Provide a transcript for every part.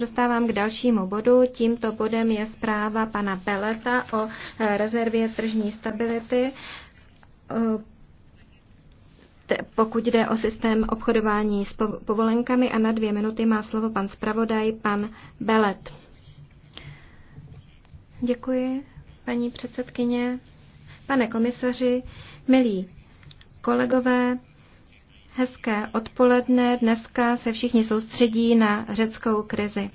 dostávám k dalšímu bodu. Tímto bodem je zpráva pana Peleta o eh, rezervě tržní stability. Eh, pokud jde o systém obchodování s povolenkami a na dvě minuty má slovo pan zpravodaj, pan Belet. Děkuji, paní předsedkyně, pane komisaři, milí kolegové, Hezké odpoledne. Dneska se všichni soustředí na řeckou krizi.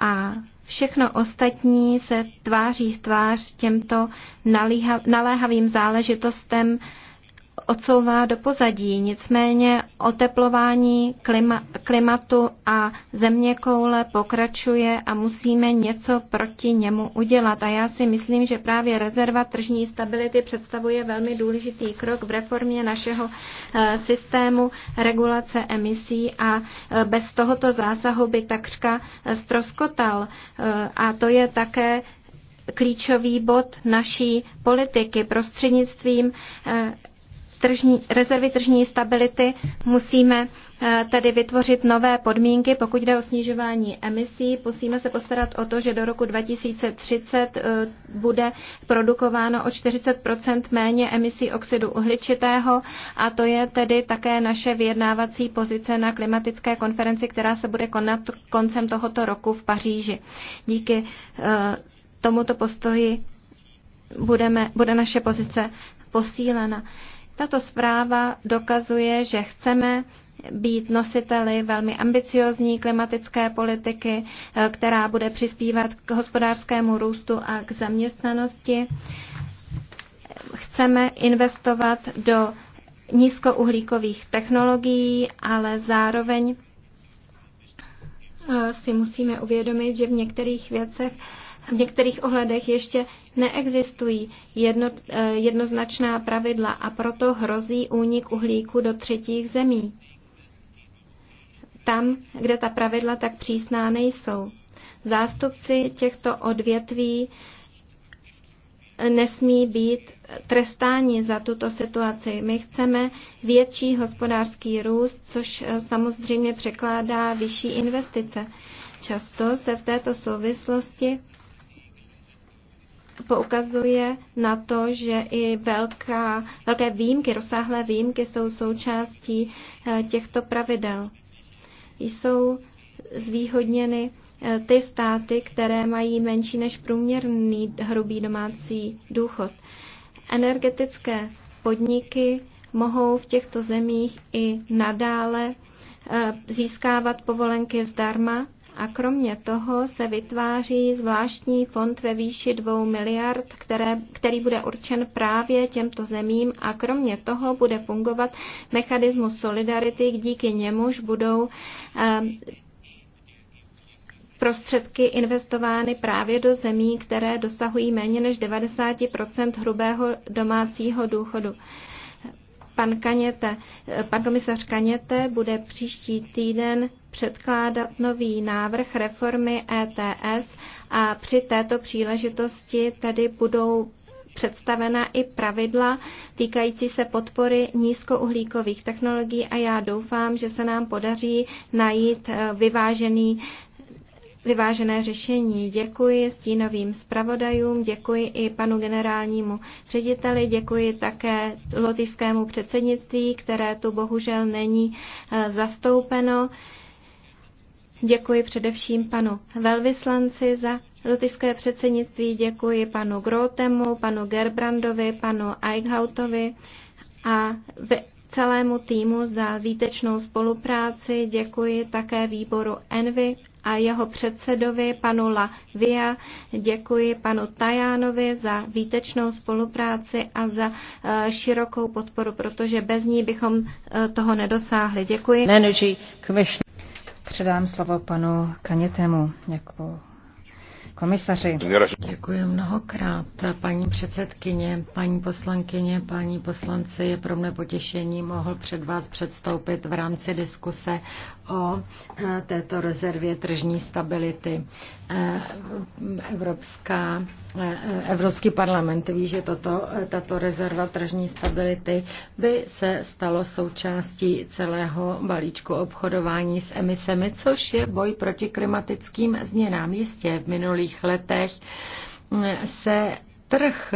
A všechno ostatní se tváří v tvář těmto naléhavým záležitostem odsouvá do pozadí. Nicméně oteplování klima, klimatu a země koule pokračuje a musíme něco proti němu udělat. A já si myslím, že právě rezerva tržní stability představuje velmi důležitý krok v reformě našeho eh, systému regulace emisí a eh, bez tohoto zásahu by takřka stroskotal. Eh, a to je také klíčový bod naší politiky prostřednictvím tržní, rezervy tržní stability musíme eh, tedy vytvořit nové podmínky, pokud jde o snižování emisí. Musíme se postarat o to, že do roku 2030 eh, bude produkováno o 40 méně emisí oxidu uhličitého a to je tedy také naše vyjednávací pozice na klimatické konferenci, která se bude konat koncem tohoto roku v Paříži. Díky eh, tomuto postoji budeme, bude naše pozice posílena. Tato zpráva dokazuje, že chceme být nositeli velmi ambiciozní klimatické politiky, eh, která bude přispívat k hospodářskému růstu a k zaměstnanosti. Chceme investovat do nízkouhlíkových technologií, ale zároveň eh, si musíme uvědomit, že v některých věcech v některých ohledech ještě neexistují jedno, eh, jednoznačná pravidla a proto hrozí únik uhlíku do třetích zemí. Tam, kde ta pravidla tak přísná nejsou. Zástupci těchto odvětví nesmí být trestáni za tuto situaci. My chceme větší hospodářský růst, což eh, samozřejmě překládá vyšší investice. Často se v této souvislosti poukazuje na to, že i velká, velké výjimky, rozsáhlé výjimky jsou součástí eh, těchto pravidel. Jsou zvýhodněny eh, ty státy, které mají menší než průměrný hrubý domácí důchod. Energetické podniky mohou v těchto zemích i nadále eh, získávat povolenky zdarma a kromě toho se vytváří zvláštní fond ve výši 2 miliard, které, který bude určen právě těmto zemím a kromě toho bude fungovat mechanismus solidarity, díky němuž budou um, prostředky investovány právě do zemí, které dosahují méně než 90 hrubého domácího důchodu. Pan, Kaněte, pan komisař Kaněte bude příští týden předkládat nový návrh reformy ETS a při této příležitosti tedy budou představena i pravidla týkající se podpory nízkouhlíkových technologií a já doufám, že se nám podaří najít eh, vyvážený vyvážené řešení. Děkuji stínovým zpravodajům, děkuji i panu generálnímu řediteli, děkuji také lotyšskému předsednictví, které tu bohužel není eh, zastoupeno. Děkuji především panu velvyslanci za lotyšské předsednictví, děkuji panu Grotemu, panu Gerbrandovi, panu Eichhautovi a celému týmu za výtečnou spolupráci. Děkuji také výboru Envy a jeho předsedovi panu La Via. Děkuji panu Tajánovi za výtečnou spolupráci a za eh, širokou podporu, protože bez ní bychom eh, toho nedosáhli. Děkuji. Energy, předám slovo panu Kanětemu jako komisaři. Děkuji mnohokrát. Paní předsedkyně, paní poslankyně, paní poslanci, je pro mne potěšení mohl před vás předstoupit v rámci diskuse o e, této rezervě tržní stability. E, Evropská, e, Evropský parlament ví, že toto, tato rezerva tržní stability by se stalo součástí celého balíčku obchodování s emisemi, což je boj proti klimatickým změnám. Jistě v minulých minulých letech se trh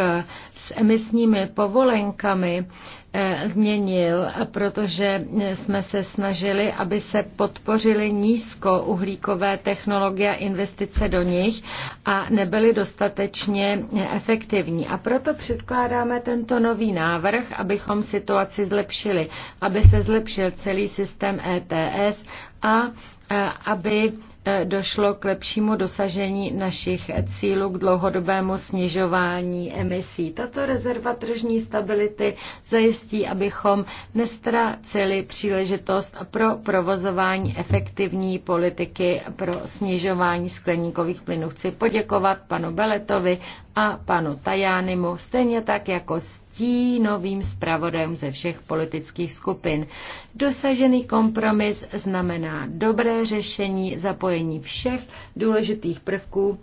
s emisními povolenkami eh, změnil, protože jsme se snažili, aby se podpořily nízkouhlíkové technologie a investice do nich a nebyly dostatečně efektivní. A proto předkládáme tento nový návrh, abychom situaci zlepšili, aby se zlepšil celý systém ETS a eh, aby E, došlo k lepšímu dosažení našich cílů k dlouhodobému snižování emisí. Tato rezerva tržní stability zajistí, abychom nestraceli příležitost pro provozování efektivní politiky pro snižování skleníkových plynů. Chci poděkovat panu Beletovi a panu Tajánimu, stejně tak jako stínovým zpravodajům ze všech politických skupin. Dosažený kompromis znamená dobré řešení zapojení všech důležitých prvků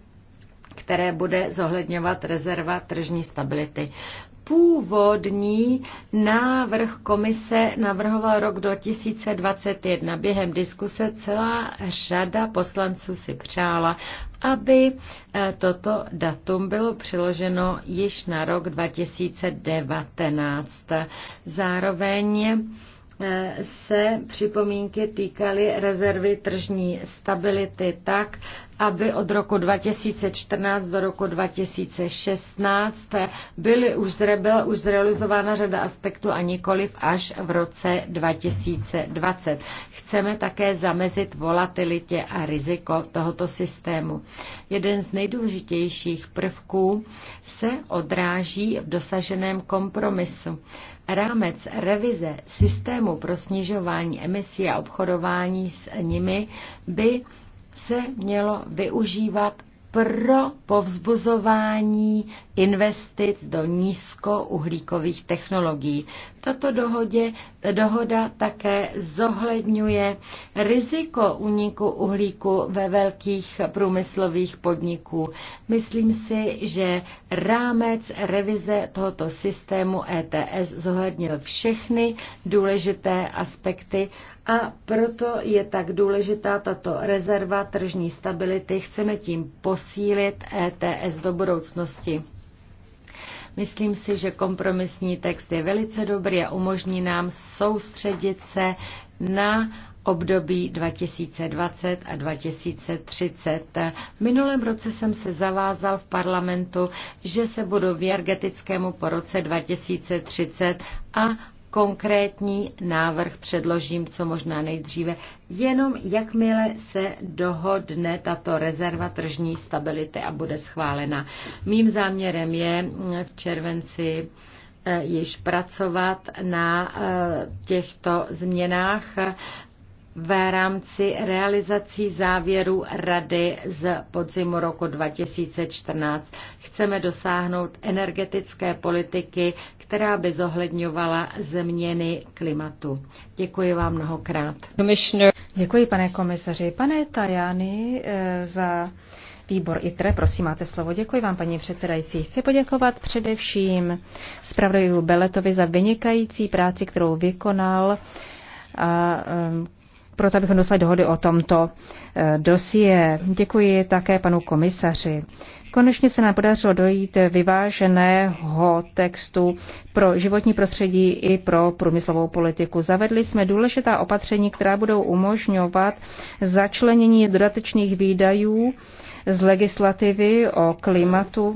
které bude zohledňovat rezerva tržní stability. Původní návrh komise navrhoval rok 2021. Během diskuse celá řada poslanců si přála, aby eh, toto datum bylo přiloženo již na rok 2019. Zároveň Eh, se připomínky týkaly rezervy tržní stability tak, aby od roku 2014 do roku 2016 byly už, byla už zrealizována řada aspektů a nikoliv až v roce 2020 chceme také zamezit volatilitě a riziko tohoto systému. Jeden z nejdůležitějších prvků se odráží v dosaženém kompromisu. Rámec revize systému pro snižování emisí a obchodování s nimi by se mělo využívat pro povzbuzování investic do nízkouhlíkových technologií. Tato dohodě, dohoda také zohledňuje riziko uniku uhlíku ve velkých průmyslových podniků. Myslím si, že rámec revize tohoto systému ETS zohlednil všechny důležité aspekty a proto je tak důležitá tato rezerva tržní stability. Chceme tím posílit ETS do budoucnosti. Myslím si, že kompromisní text je velice dobrý a umožní nám soustředit se na období 2020 a 2030. V minulém roce jsem se zavázal v parlamentu, že se budu energetickému po roce 2030 a Konkrétní návrh předložím co možná nejdříve, jenom jakmile se dohodne tato rezerva tržní stability a bude schválena. Mým záměrem je mm, v červenci eh, již pracovat na eh, těchto změnách v rámci realizací závěru Rady z podzimu roku 2014 chceme dosáhnout energetické politiky, která by zohledňovala změny klimatu. Děkuji vám mnohokrát. Děkuji, pane komisaři. Pane Tajany, eh, za Výbor ITRE, prosím, máte slovo. Děkuji vám, paní předsedající. Chci poděkovat především zpravodaji Beletovi za vynikající práci, kterou vykonal a proto abychom dostali dohody o tomto eh, dosie. Děkuji také panu komisaři. Konečně se nám podařilo dojít vyváženého textu pro životní prostředí i pro průmyslovou politiku. Zavedli jsme důležitá opatření, která budou umožňovat začlenění dodatečných výdajů z legislativy o klimatu.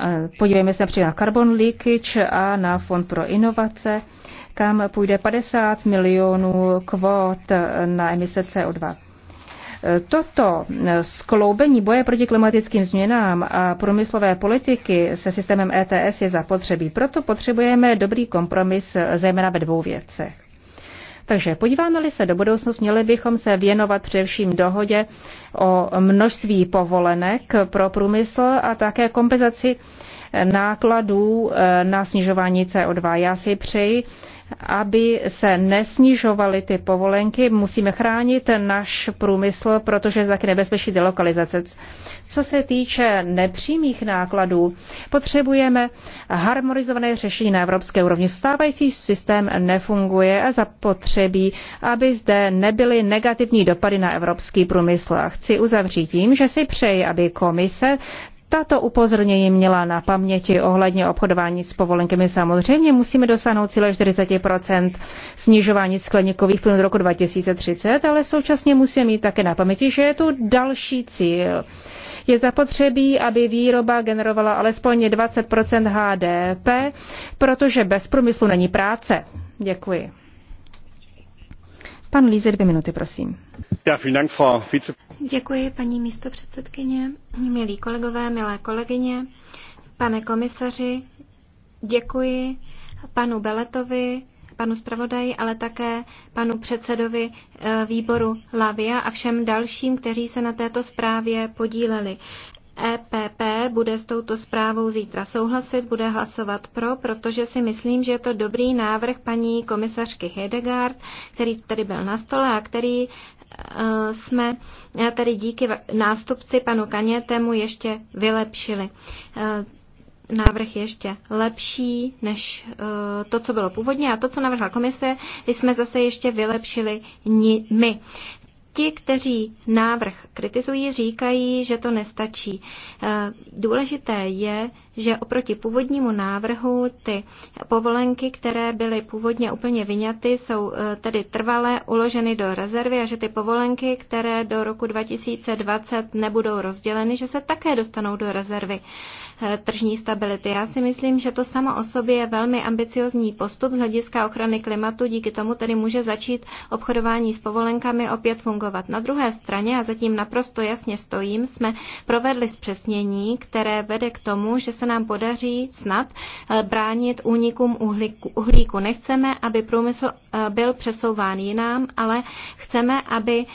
Eh, podívejme se například na carbon leakage a na fond pro inovace kam půjde 50 milionů kvót na emise CO2. Toto skloubení boje proti klimatickým změnám a průmyslové politiky se systémem ETS je zapotřebí. Proto potřebujeme dobrý kompromis, zejména ve dvou věcech. Takže podíváme-li se do budoucnosti, měli bychom se věnovat především dohodě o množství povolenek pro průmysl a také kompenzaci nákladů eh, na snižování CO2. Já si přeji, aby se nesnižovaly ty povolenky, musíme chránit náš průmysl, protože je taky nebezpečí delokalizace. Co se týče nepřímých nákladů, potřebujeme harmonizované řešení na evropské úrovni. Stávající systém nefunguje a zapotřebí, aby zde nebyly negativní dopady na evropský průmysl. A chci uzavřít tím, že si přeji, aby komise tato upozornění měla na paměti ohledně obchodování s povolenkami. Samozřejmě musíme dosáhnout cíle 40 snižování skleníkových plynů do roku 2030, ale současně musíme mít také na paměti, že je tu další cíl. Je zapotřebí, aby výroba generovala alespoň 20 HDP, protože bez průmyslu není práce. Děkuji. Pan Lízer, dvě minuty, prosím. Děkuji, paní místopředsedkyně, milí kolegové, milé kolegyně, pane komisaři, děkuji panu Beletovi, panu zpravodaji, ale také panu předsedovi eh, výboru Lavia a všem dalším, kteří se na této zprávě podíleli. EPP bude s touto zprávou zítra souhlasit, bude hlasovat pro, protože si myslím, že je to dobrý návrh paní komisařky Hedegaard, který tady byl na stole a který e, jsme e, tady díky nástupci panu Kanětemu ještě vylepšili. E, návrh ještě lepší než to, co bylo původně a to, co navrhla komise, jsme zase ještě vylepšili my. Ti, kteří návrh kritizují, říkají, že to nestačí. Eh, důležité je, že oproti původnímu návrhu ty povolenky, které byly původně úplně vyňaty, jsou eh, tedy trvalé uloženy do rezervy a že ty povolenky, které do roku 2020 nebudou rozděleny, že se také dostanou do rezervy. Eh, tržní stability. Já si myslím, že to samo o sobě je velmi ambiciozní postup z hlediska ochrany klimatu, díky tomu tedy může začít obchodování s povolenkami opět fungovat. Na druhé straně, a zatím naprosto jasně stojím, jsme provedli zpřesnění, které vede k tomu, že se nám podaří snad eh, bránit únikům uhlíku. Nechceme, aby průmysl eh, byl přesouván jinám, ale chceme, aby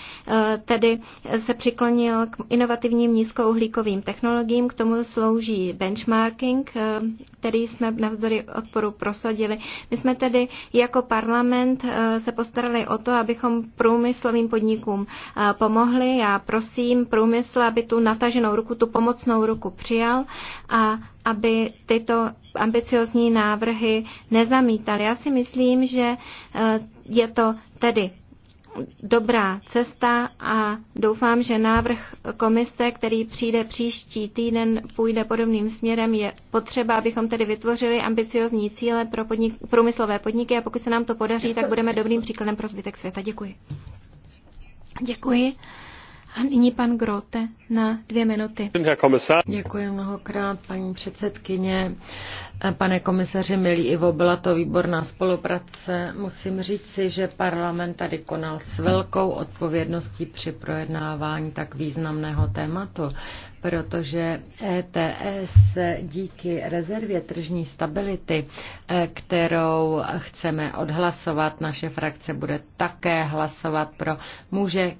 tedy se přiklonil k inovativním nízkouhlíkovým technologiím. K tomu slouží benchmarking, eh, který jsme navzdory odporu prosadili. My jsme tedy jako parlament eh, se postarali o to, abychom průmyslovým podnikům eh, pomohli. Já prosím průmysl, aby tu nataženou ruku, tu pomocnou ruku přijal a aby tyto ambiciozní návrhy nezamítal. Já si myslím, že je to tedy dobrá cesta a doufám, že návrh komise, který přijde příští týden, půjde podobným směrem. Je potřeba, abychom tedy vytvořili ambiciozní cíle pro podnik, průmyslové podniky a pokud se nám to podaří, tak budeme dobrým příkladem pro zbytek světa. Děkuji. Děkuji. A nyní pan Grote na dvě minuty. Děkuji mnohokrát, paní předsedkyně. Pane komisaři Milí Ivo, byla to výborná spolupráce. Musím říci, že parlament tady konal s velkou odpovědností při projednávání tak významného tématu, protože ETS díky rezervě tržní stability, e, kterou chceme odhlasovat, naše frakce bude také hlasovat pro, může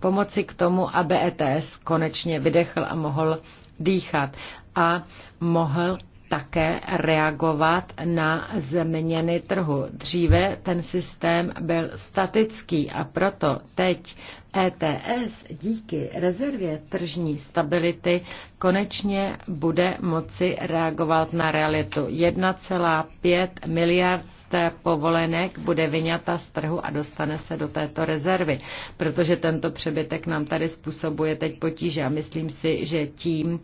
pomoci k tomu, aby ETS konečně vydechl a mohl dýchat a mohl také reagovat na změny trhu. Dříve ten systém byl statický a proto teď ETS díky rezervě tržní stability konečně bude moci reagovat na realitu 1,5 miliard povolenek bude vyňata z trhu a dostane se do této rezervy, protože tento přebytek nám tady způsobuje teď potíže a myslím si, že tím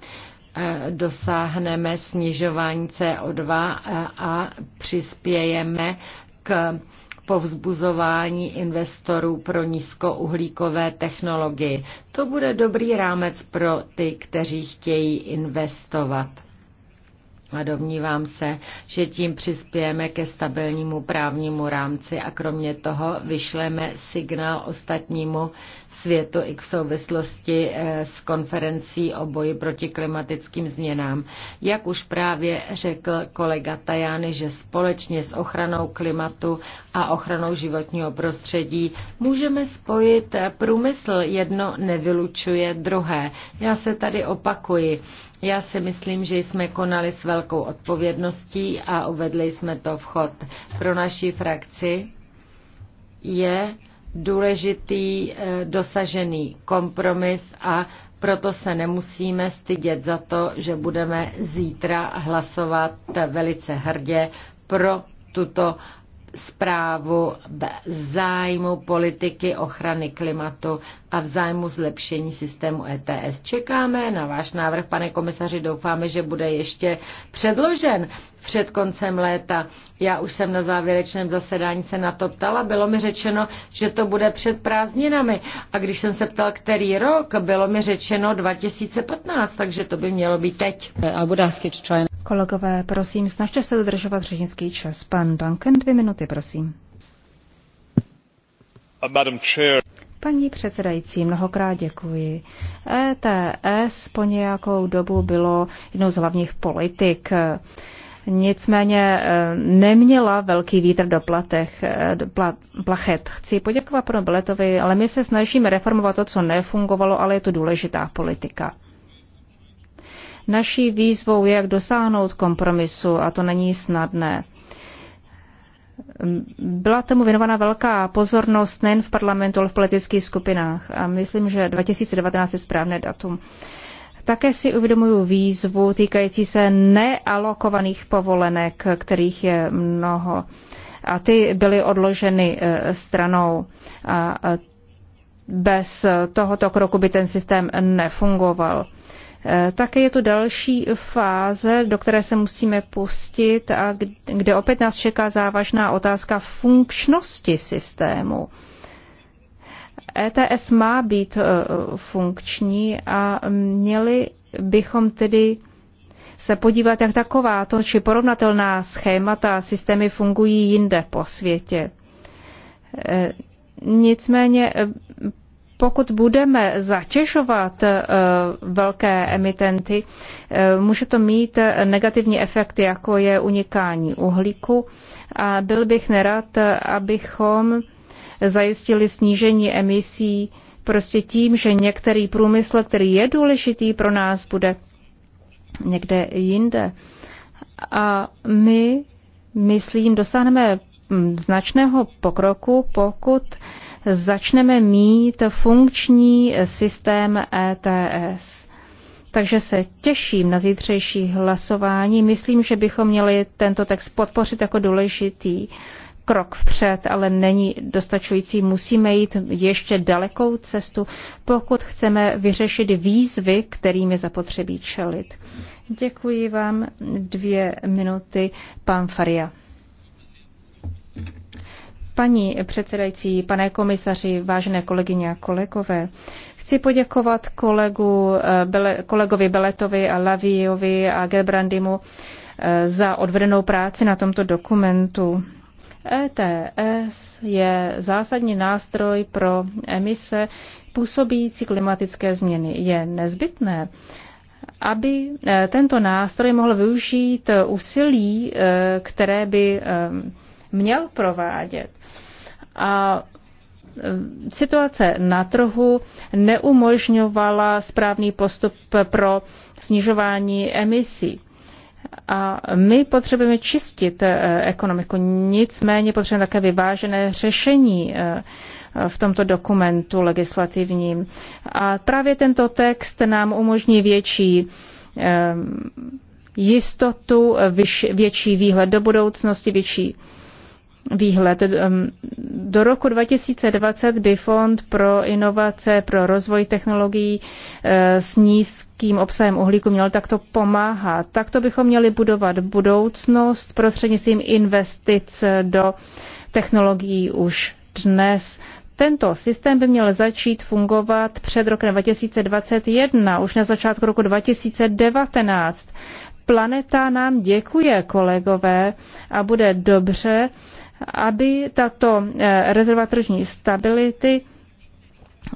eh, dosáhneme snižování CO2 eh, a přispějeme k povzbuzování investorů pro nízkouhlíkové technologie. To bude dobrý rámec pro ty, kteří chtějí investovat. A domnívám se, že tím přispějeme ke stabilnímu právnímu rámci a kromě toho vyšleme signál ostatnímu světu i v souvislosti eh, s konferencí o boji proti klimatickým změnám. Jak už právě řekl kolega Tajány, že společně s ochranou klimatu a ochranou životního prostředí můžeme spojit eh, průmysl. Jedno nevylučuje druhé. Já se tady opakuji. Já si myslím, že jsme konali s velkou odpovědností a uvedli jsme to vchod pro naší frakci. Je důležitý eh, dosažený kompromis a proto se nemusíme stydět za to, že budeme zítra hlasovat velice hrdě pro tuto zprávu v zájmu politiky ochrany klimatu a v zájmu zlepšení systému ETS. Čekáme na váš návrh, pane komisaři, doufáme, že bude ještě předložen, před koncem léta. Já už jsem na závěrečném zasedání se na to ptala. Bylo mi řečeno, že to bude před prázdninami. A když jsem se ptal, který rok, bylo mi řečeno 2015, takže to by mělo být teď. Kolegové, prosím, snažte se udržovat řečnický čas. Pan Duncan, dvě minuty, prosím. Uh, Paní předsedající, mnohokrát děkuji. ETS po nějakou dobu bylo jednou z hlavních politik nicméně eh, neměla velký vítr do platech, eh, do pla, plachet. Chci poděkovat panu Beletovi, ale my se snažíme reformovat to, co nefungovalo, ale je to důležitá politika. Naší výzvou je, jak dosáhnout kompromisu a to není snadné. Byla tomu věnována velká pozornost nejen v parlamentu, ale v politických skupinách a myslím, že 2019 je správné datum. Také si uvědomuju výzvu týkající se nealokovaných povolenek, kterých je mnoho. A ty byly odloženy e, stranou. A bez tohoto kroku by ten systém nefungoval. E, také je tu další fáze, do které se musíme pustit a kde opět nás čeká závažná otázka funkčnosti systému. ETS má být e, funkční a měli bychom tedy se podívat, jak to či porovnatelná schémata a systémy fungují jinde po světě. E, nicméně, e, pokud budeme zatěžovat velké emitenty, může to mít negativní efekty, jako je unikání uhlíku. A byl bych nerad, abychom zajistili snížení emisí prostě tím, že některý průmysl, který je důležitý pro nás, bude někde jinde. A my, myslím, dosáhneme hm, značného pokroku, pokud začneme mít funkční systém ETS. Takže se těším na zítřejší hlasování. Myslím, že bychom měli tento text podpořit jako důležitý krok vpřed, ale není dostačující. Musíme jít ještě dalekou cestu, pokud chceme vyřešit výzvy, kterými zapotřebí čelit. Děkuji vám. Dvě minuty, pan Faria. Paní předsedající, pane komisaři, vážené kolegyně a kolegové, Chci poděkovat kolegu, eh, Bele, kolegovi Beletovi a Laviovi a Gebrandimu eh, za odvedenou práci na tomto dokumentu. ETS je zásadní nástroj pro emise působící klimatické změny. Je nezbytné, aby e, tento nástroj mohl využít úsilí, e, které by e, měl provádět. A situace na trhu neumožňovala správný postup pro snižování emisí. A my potřebujeme čistit eh, ekonomiku, nicméně potřebujeme také vyvážené řešení eh, v tomto dokumentu legislativním. A právě tento text nám umožní větší eh, jistotu, větší výhled do budoucnosti, větší výhled do roku 2020 by Fond pro inovace, pro rozvoj technologií eh, s nízkým obsahem uhlíku měl takto pomáhat. Takto bychom měli budovat budoucnost prostřednictvím investic do technologií už dnes. Tento systém by měl začít fungovat před rokem 2021, už na začátku roku 2019. Planeta nám děkuje, kolegové, a bude dobře, aby tato eh, rezerva tržní stability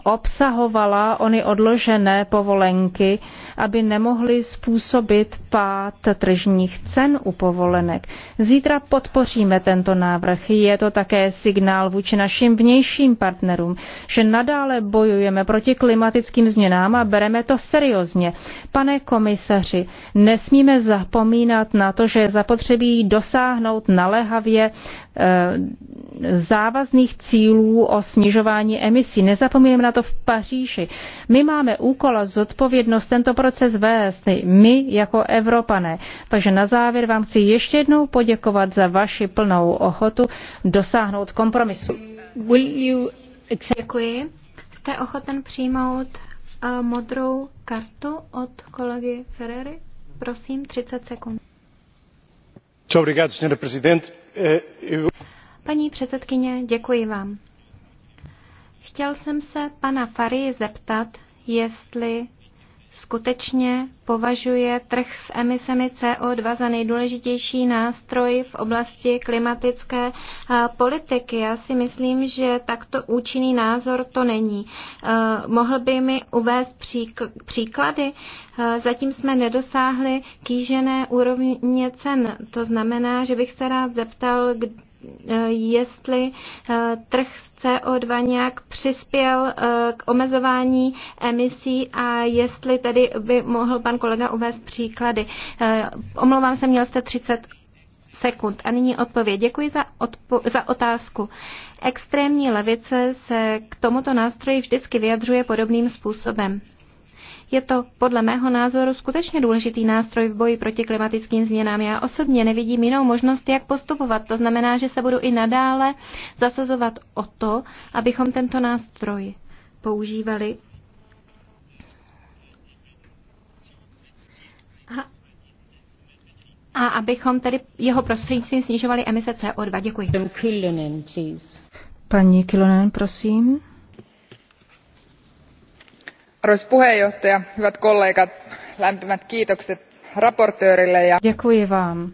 obsahovala ony odložené povolenky, aby nemohly způsobit pád tržních cen u povolenek. Zítra podpoříme tento návrh. Je to také signál vůči našim vnějším partnerům, že nadále bojujeme proti klimatickým změnám a bereme to seriózně. Pane komisaři, nesmíme zapomínat na to, že je zapotřebí dosáhnout naléhavě Eh, závazných cílů o snižování emisí. Nezapomínáme na to v Paříži. My máme úkol a zodpovědnost tento proces vést, my jako Evropané. Takže na závěr vám chci ještě jednou poděkovat za vaši plnou ochotu dosáhnout kompromisu. Děkuji. Jste ochoten přijmout eh, modrou kartu od kolegy Ferrery? Prosím, 30 sekund. Muito obrigado, Sr. Paní předsedkyně, děkuji vám. Chtěl jsem se pana Farii zeptat, jestli skutečně považuje trh s emisemi CO2 za nejdůležitější nástroj v oblasti klimatické eh, politiky. Já si myslím, že takto účinný názor to není. Eh, mohl by mi uvést příklady? Eh, zatím jsme nedosáhli kýžené úrovně cen. To znamená, že bych se rád zeptal, jestli eh, trh z CO2 nějak přispěl eh, k omezování emisí a jestli tedy by mohl pan kolega uvést příklady. Eh, omlouvám se, měl jste 30 sekund. A nyní odpověď. Děkuji za, odpo- za otázku. Extrémní levice se k tomuto nástroji vždycky vyjadřuje podobným způsobem. Je to podle mého názoru skutečně důležitý nástroj v boji proti klimatickým změnám. Já osobně nevidím jinou možnost, jak postupovat. To znamená, že se budu i nadále zasazovat o to, abychom tento nástroj používali. A, abychom tedy jeho prostřednictvím snižovali emise CO2. Děkuji. Paní Kilonen, prosím arvoisa puhemies hyvät kollegat lämpimät kiitokset esittelijälle. Ja... Děkuji vám.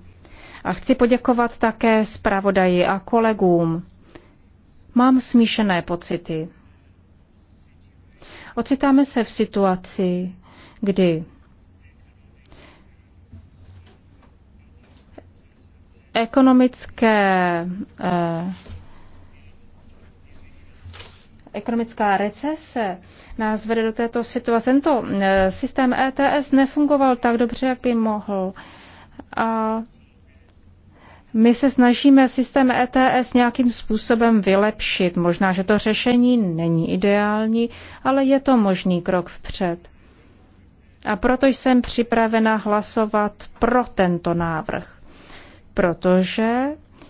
A chci poděkovat také zpravodaji a kolegům. Mám smíšené pocity. Ocitáme se v situaci, kdy ekonomické eh, ekonomická recese nás vede do této situace. Tento eh, systém ETS nefungoval tak dobře, jak by mohl. A my se snažíme systém ETS nějakým způsobem vylepšit. Možná, že to řešení není ideální, ale je to možný krok vpřed. A proto jsem připravena hlasovat pro tento návrh, protože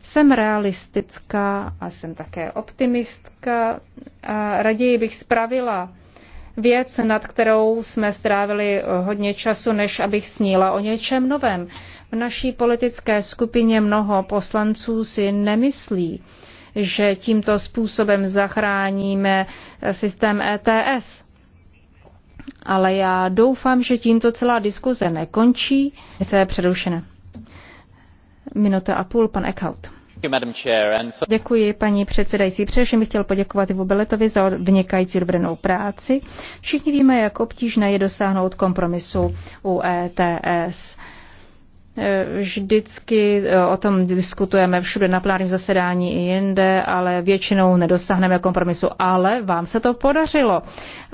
jsem realistická a jsem také optimistka. A raději bych spravila věc, nad kterou jsme strávili eh, hodně času, než abych snila o něčem novém. V naší politické skupině mnoho poslanců si nemyslí, že tímto způsobem zachráníme eh, systém ETS. Ale já doufám, že tímto celá diskuze nekončí, se je přerušena. Minuta a půl, pan Eckhout. Děkuji, paní předsedající. Především bych chtěl poděkovat Ivo Beletovi za vynikající dobrou práci. Všichni víme, jak obtížné je dosáhnout kompromisu u ETS. Eh, vždycky eh, o tom diskutujeme všude na plánním zasedání i jinde, ale většinou nedosáhneme kompromisu. Ale vám se to podařilo.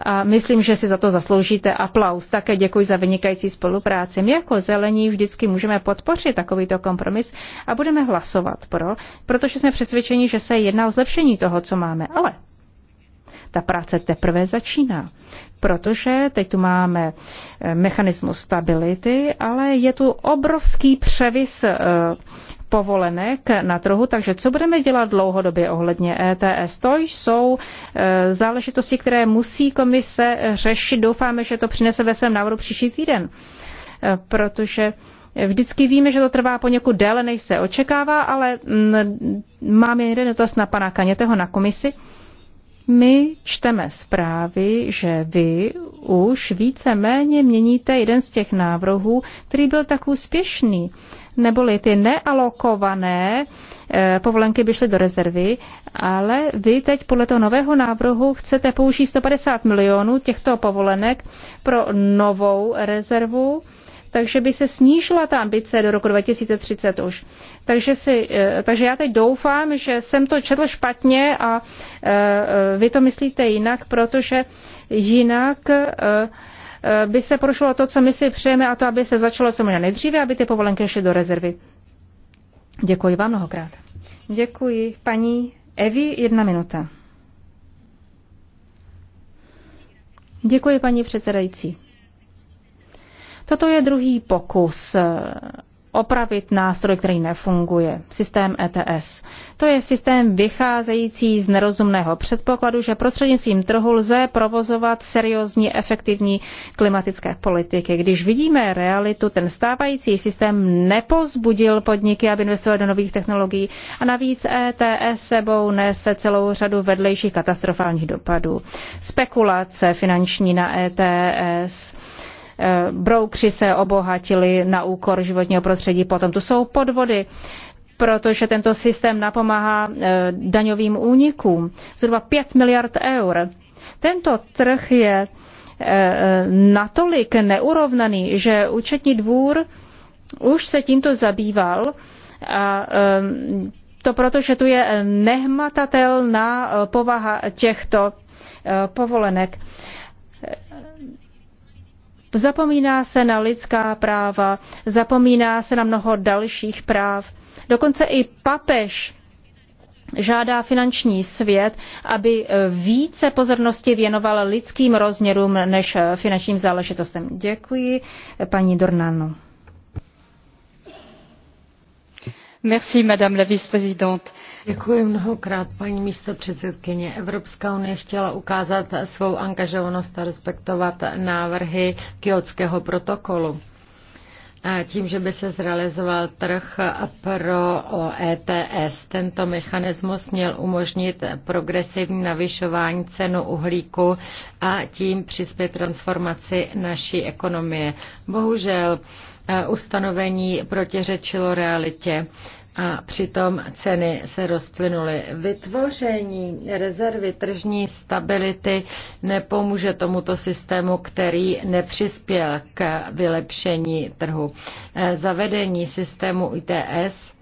A myslím, že si za to zasloužíte aplaus. Také děkuji za vynikající spolupráci. My jako zelení vždycky můžeme podpořit takovýto kompromis a budeme hlasovat pro, protože jsme přesvědčeni, že se jedná o zlepšení toho, co máme. Ale ta práce teprve začíná, protože teď tu máme eh, mechanismus stability, ale je tu obrovský převis eh, povolenek na trhu, takže co budeme dělat dlouhodobě ohledně ETS? To jsou eh, záležitosti, které musí komise řešit. Doufáme, že to přinese ve svém návodu příští týden, protože Vždycky víme, že to trvá poněkud déle, než se očekává, ale mm, máme jeden dotaz na pana Kaněteho na komisi. My čteme zprávy, že vy už více-méně měníte jeden z těch návrhů, který byl tak úspěšný. Neboli ty nealokované e, povolenky by šly do rezervy, ale vy teď podle toho nového návrhu chcete použít 150 milionů těchto povolenek pro novou rezervu takže by se snížila ta ambice do roku 2030 už. Takže, si, eh, takže já teď doufám, že jsem to četl špatně a eh, eh, vy to myslíte jinak, protože jinak by se prošlo to, co my si přejeme a to, aby se začalo co možná nejdříve, aby ty povolenky šly do rezervy. Děkuji vám mnohokrát. Děkuji. Paní Evi, jedna minuta. Děkuji, paní předsedající. Toto je druhý pokus eh, opravit nástroj, který nefunguje, systém ETS. To je systém vycházející z nerozumného předpokladu, že prostřednictvím trhu lze provozovat seriózní, efektivní klimatické politiky. Když vidíme realitu, ten stávající systém nepozbudil podniky, aby investovali do nových technologií a navíc ETS sebou nese celou řadu vedlejších katastrofálních dopadů. Spekulace finanční na ETS, Eh, broukři se obohatili na úkor životního prostředí. Potom tu jsou podvody, protože tento systém napomáhá eh, daňovým únikům. Zhruba 5 miliard eur. Tento trh je eh, natolik neurovnaný, že účetní dvůr už se tímto zabýval a to proto, že tu je nehmatatelná povaha těchto povolenek. Zapomíná se na lidská práva, zapomíná se na mnoho dalších práv. Dokonce i papež žádá finanční svět, aby více pozornosti věnoval lidským rozměrům než finančním záležitostem. Děkuji, paní Dornano. Merci, madame la vice-présidente Děkuji mnohokrát, paní místo předsedkyně. Evropská unie chtěla ukázat svou angažovanost a respektovat návrhy Kyotského protokolu. A tím, že by se zrealizoval trh pro ETS. Tento mechanismus měl umožnit progresivní navyšování cenu uhlíku a tím přispět transformaci naší ekonomie. Bohužel e, ustanovení protiřečilo realitě a přitom ceny se rozplynuly. Vytvoření rezervy tržní stability nepomůže tomuto systému, který nepřispěl k vylepšení trhu. E, zavedení systému ITS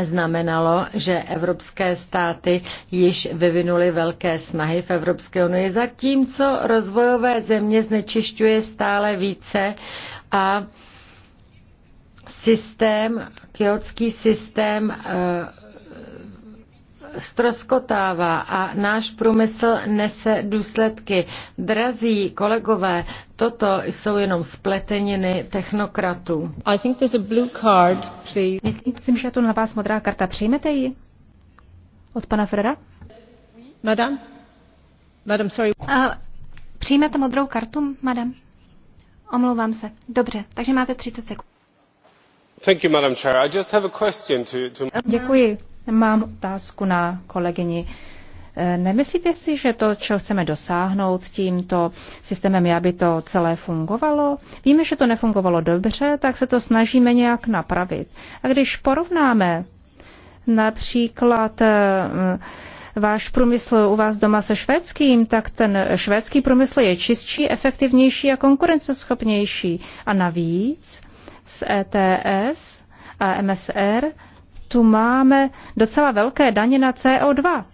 znamenalo, že evropské státy již vyvinuly velké snahy v Evropské unii, zatímco rozvojové země znečišťuje stále více a systém, kiotský systém stroskotává eh, a náš průmysl nese důsledky. Drazí kolegové, toto jsou jenom spleteniny technokratů. I think there's a blue card, please. Myslím, že je tu na vás modrá karta. Přijmete ji? Od pana Ferrera? Madam? Madam, sorry. Uh, přijmete modrou kartu, madam? Omlouvám se. Dobře, takže máte 30 sekund. Děkuji. Mám otázku na kolegyni. Eh, nemyslíte si, že to, co chceme dosáhnout tímto systémem, je, aby to celé fungovalo? Víme, že to nefungovalo dobře, tak se to snažíme nějak napravit. A když porovnáme například eh, váš průmysl u vás doma se švédským, tak ten švédský průmysl je čistší, efektivnější a konkurenceschopnější. A navíc z ETS a MSR, tu máme docela velké daně na CO2.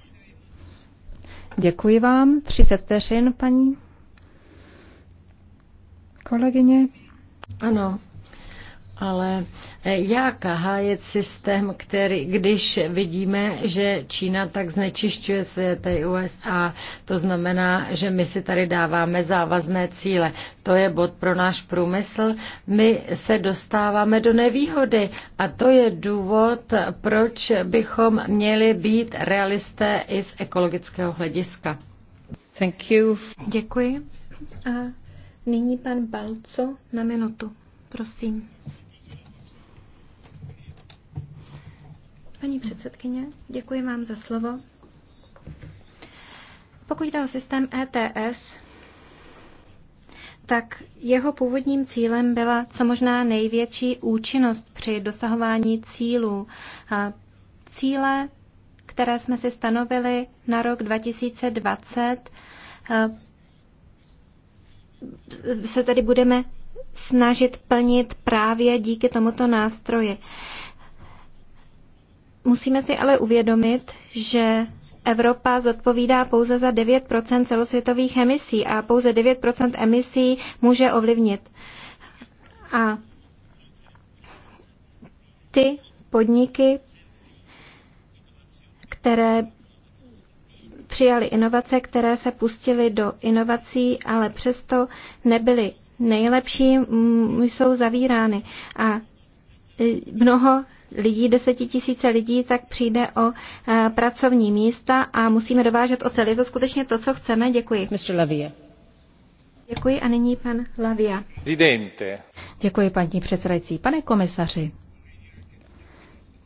Děkuji vám. 30 vteřin, paní kolegyně. Ano, ale eh, jak hájet systém, který, když vidíme, že Čína tak znečišťuje svět i USA, to znamená, že my si tady dáváme závazné cíle. To je bod pro náš průmysl. My se dostáváme do nevýhody a to je důvod, proč bychom měli být realisté i z ekologického hlediska. Thank you. Děkuji. A nyní pan Balco na minutu. Prosím. Paní předsedkyně, děkuji vám za slovo. Pokud jde o systém ETS, tak jeho původním cílem byla co možná největší účinnost při dosahování cílů. Cíle, které jsme si stanovili na rok 2020, se tedy budeme snažit plnit právě díky tomuto nástroji. Musíme si ale uvědomit, že Evropa zodpovídá pouze za 9 celosvětových emisí a pouze 9 emisí může ovlivnit. A ty podniky, které přijali inovace, které se pustily do inovací, ale přesto nebyly nejlepší, jsou zavírány. A e, mnoho lidí, desetitisíce lidí, tak přijde o eh, pracovní místa a musíme dovážet ocel. Je to skutečně to, co chceme? Děkuji. Mr. Lavia. Děkuji a nyní pan Lavia. Zidente. Děkuji, paní předsedající. Pane komisaři,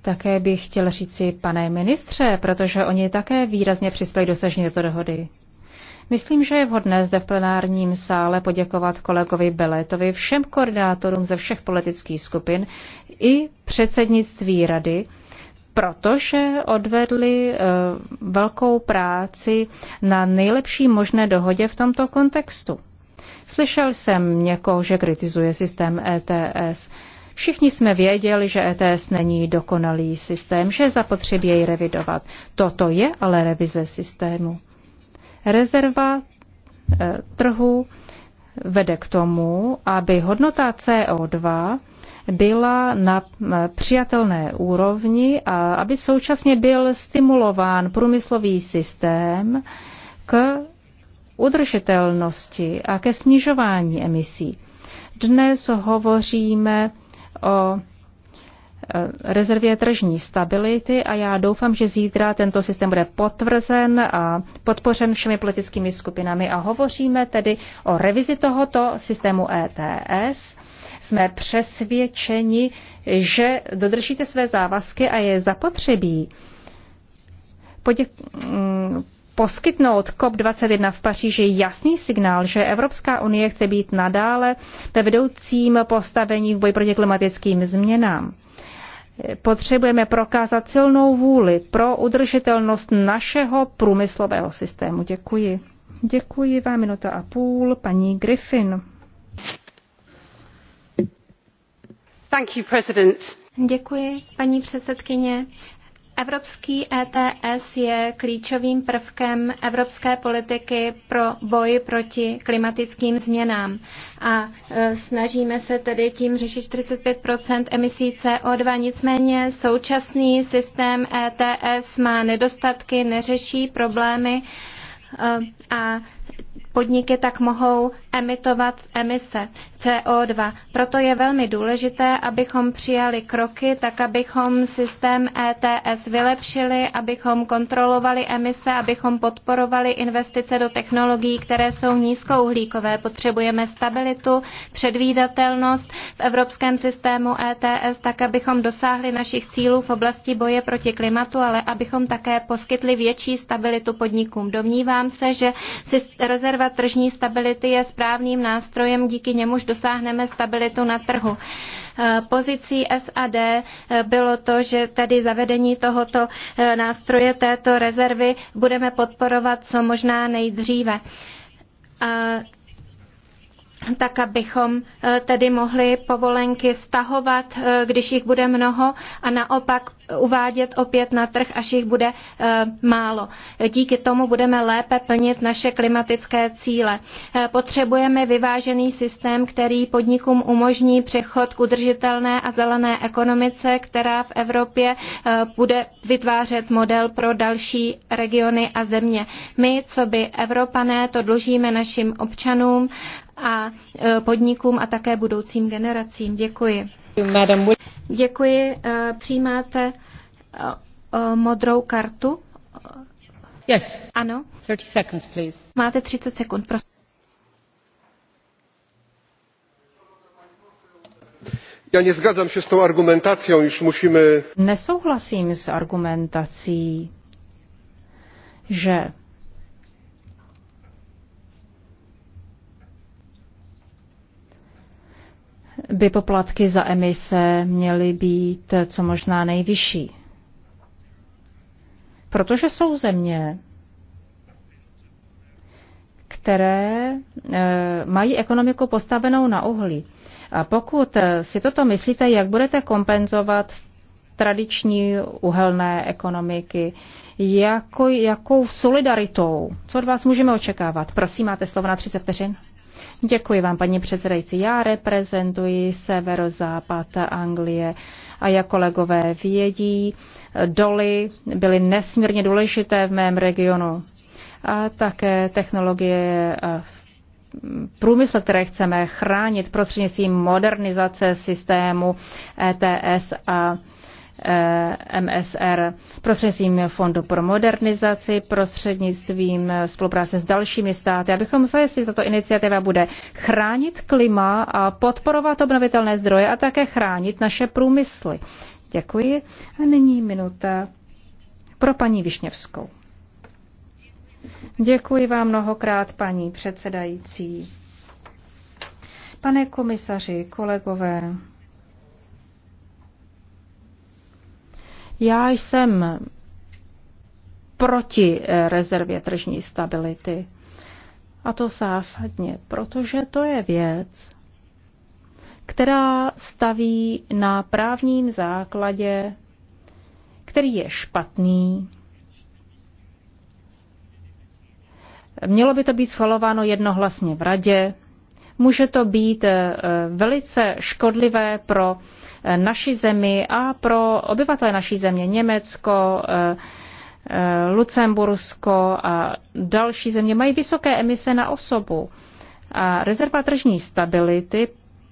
také bych chtěl říci pane ministře, protože oni také výrazně přispěli dosažení této dohody. Myslím, že je vhodné zde v plenárním sále poděkovat kolegovi Beletovi, všem koordinátorům ze všech politických skupin i předsednictví rady, protože odvedli eh, velkou práci na nejlepší možné dohodě v tomto kontextu. Slyšel jsem někoho, že kritizuje systém ETS. Všichni jsme věděli, že ETS není dokonalý systém, že zapotřebí jej revidovat. Toto je ale revize systému. Rezerva eh, trhu vede k tomu, aby hodnota CO2 byla na eh, přijatelné úrovni a aby současně byl stimulován průmyslový systém k udržitelnosti a ke snižování emisí. Dnes hovoříme o Eh, rezervě tržní stability a já doufám, že zítra tento systém bude potvrzen a podpořen všemi politickými skupinami a hovoříme tedy o revizi tohoto systému ETS. Jsme přesvědčeni, že dodržíte své závazky a je zapotřebí poděk- mm, poskytnout COP21 v Paříži jasný signál, že Evropská unie chce být nadále ve vedoucím postavení v boji proti klimatickým změnám potřebujeme prokázat silnou vůli pro udržitelnost našeho průmyslového systému. Děkuji. Děkuji vám minuta a půl, paní Griffin. Thank you, President. Děkuji, paní předsedkyně. Evropský ETS je klíčovým prvkem evropské politiky pro boj proti klimatickým změnám a e, snažíme se tedy tím řešit 45 emisí CO2. Nicméně současný systém ETS má nedostatky, neřeší problémy e, a Podniky tak mohou emitovat emise CO2. Proto je velmi důležité, abychom přijali kroky, tak abychom systém ETS vylepšili, abychom kontrolovali emise, abychom podporovali investice do technologií, které jsou nízkouhlíkové. Potřebujeme stabilitu, předvídatelnost v evropském systému ETS, tak abychom dosáhli našich cílů v oblasti boje proti klimatu, ale abychom také poskytli větší stabilitu podnikům. Domnívám se, že rezervace Iniciativa tržní stability je správným nástrojem, díky němuž dosáhneme stabilitu na trhu. E, pozicí SAD e, bylo to, že tady zavedení tohoto e, nástroje, této rezervy, budeme podporovat co možná nejdříve tak abychom eh, tedy mohli povolenky stahovat, eh, když jich bude mnoho a naopak uvádět opět na trh, až jich bude eh, málo. Díky tomu budeme lépe plnit naše klimatické cíle. Potřebujeme vyvážený systém, který podnikům umožní přechod k udržitelné a zelené ekonomice, která v Evropě bude vytvářet model pro další regiony a země. My, co by Evropané, to dlužíme našim občanům, a e, podnikům a také budoucím generacím. Děkuji. Děkuji. E, přijímáte e, modrou kartu? Yes. Ano. 30 seconds, please. Máte 30 sekund, prosím. Já nezgadzam se s tou argumentací, už musíme... Nesouhlasím s argumentací, že by poplatky za emise měly být co možná nejvyšší. Protože jsou země, které eh, mají ekonomiku postavenou na uhlí. A pokud eh, si toto myslíte, jak budete kompenzovat tradiční uhelné ekonomiky, jako, jakou solidaritou, co od vás můžeme očekávat? Prosím, máte slovo na 30 vteřin. Děkuji vám, paní předsedající. Já reprezentuji severozápad Anglie a jak kolegové vědí, doly byly nesmírně důležité v mém regionu a také technologie průmysl, které chceme chránit prostřednictvím modernizace systému ETS a Eh, MSR prostřednictvím Fondu pro modernizaci, prostřednictvím spolupráce s dalšími státy, abychom zajistili, že tato iniciativa bude chránit klima a podporovat obnovitelné zdroje a také chránit naše průmysly. Děkuji. A nyní minuta pro paní Višněvskou. Děkuji vám mnohokrát, paní předsedající. Pane komisaři, kolegové, Já jsem proti eh, rezervě tržní stability. A to zásadně, protože to je věc, která staví na právním základě, který je špatný. Mělo by to být schvalováno jednohlasně v radě. Může to být eh, velice škodlivé pro naší zemi a pro obyvatele naší země Německo, eh, eh, Lucembursko a další země mají vysoké emise na osobu. A rezerva tržní stability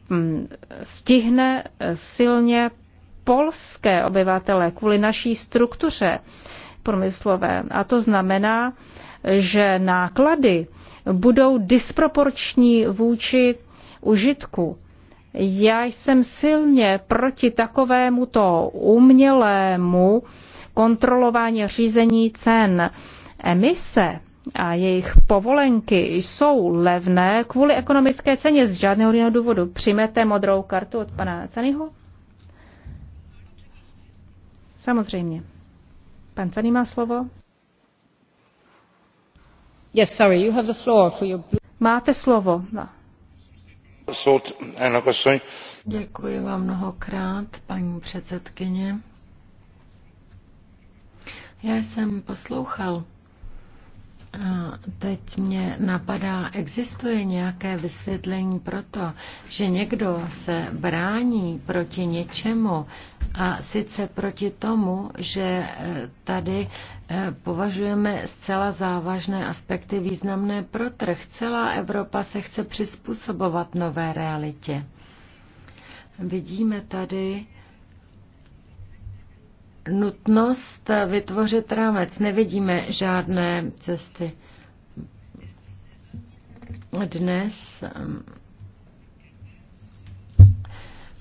mm, stihne eh, silně polské obyvatele kvůli naší struktuře průmyslové. A to znamená, že náklady budou disproporční vůči užitku. Já jsem silně proti takovému to umělému kontrolování řízení cen. Emise a jejich povolenky jsou levné kvůli ekonomické ceně z žádného jiného důvodu. Přijmete modrou kartu od pana Canyho? Samozřejmě. Pan Cany má slovo. Yes, sorry, you have the floor for your... Máte slovo. No. Děkuji vám mnohokrát, paní předsedkyně. Já jsem poslouchal a teď mě napadá, existuje nějaké vysvětlení pro to, že někdo se brání proti něčemu a sice proti tomu, že eh, tady eh, považujeme zcela závažné aspekty významné pro trh. Celá Evropa se chce přizpůsobovat nové realitě. Vidíme tady, nutnost vytvořit rámec. Nevidíme žádné cesty. Dnes ehm,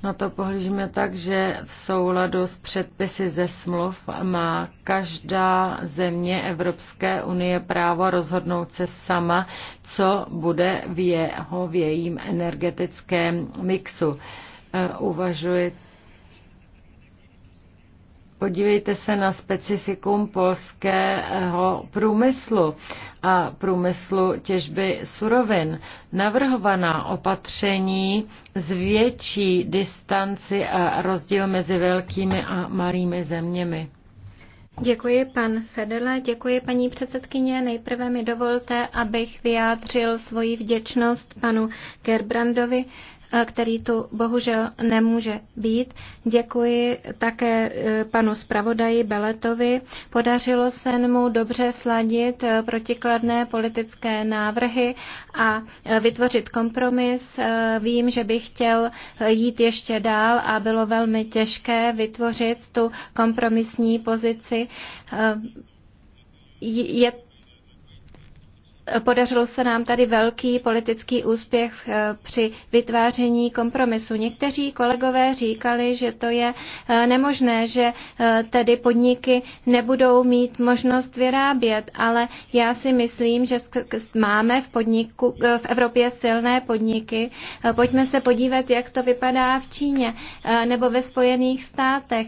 na to pohlížíme tak, že v souladu s předpisy ze smluv má každá země Evropské unie právo rozhodnout se sama, co bude v jeho v jejím energetickém mixu. Ehm, Uvažuji Podívejte se na specifikum polského průmyslu a průmyslu těžby surovin. Navrhovaná opatření zvětší distanci a rozdíl mezi velkými a malými zeměmi. Děkuji, pan Fedele, děkuji, paní předsedkyně. Nejprve mi dovolte, abych vyjádřil svoji vděčnost panu Gerbrandovi Eh, který tu bohužel nemůže být. Děkuji také eh, panu zpravodaji Beletovi. Podařilo se mu dobře sladit eh, protikladné politické návrhy a vytvořit kompromis. Vím, že bych chtěl jít ještě dál a bylo velmi těžké vytvořit tu kompromisní pozici je Podařilo se nám tady velký politický úspěch eh, při vytváření kompromisu. Někteří kolegové říkali, že to je eh, nemožné, že eh, tedy podniky nebudou mít možnost vyrábět, ale já si myslím, že máme v, podniku, v Evropě silné podniky. Pojďme se podívat, jak to vypadá v Číně nebo ve Spojených státech.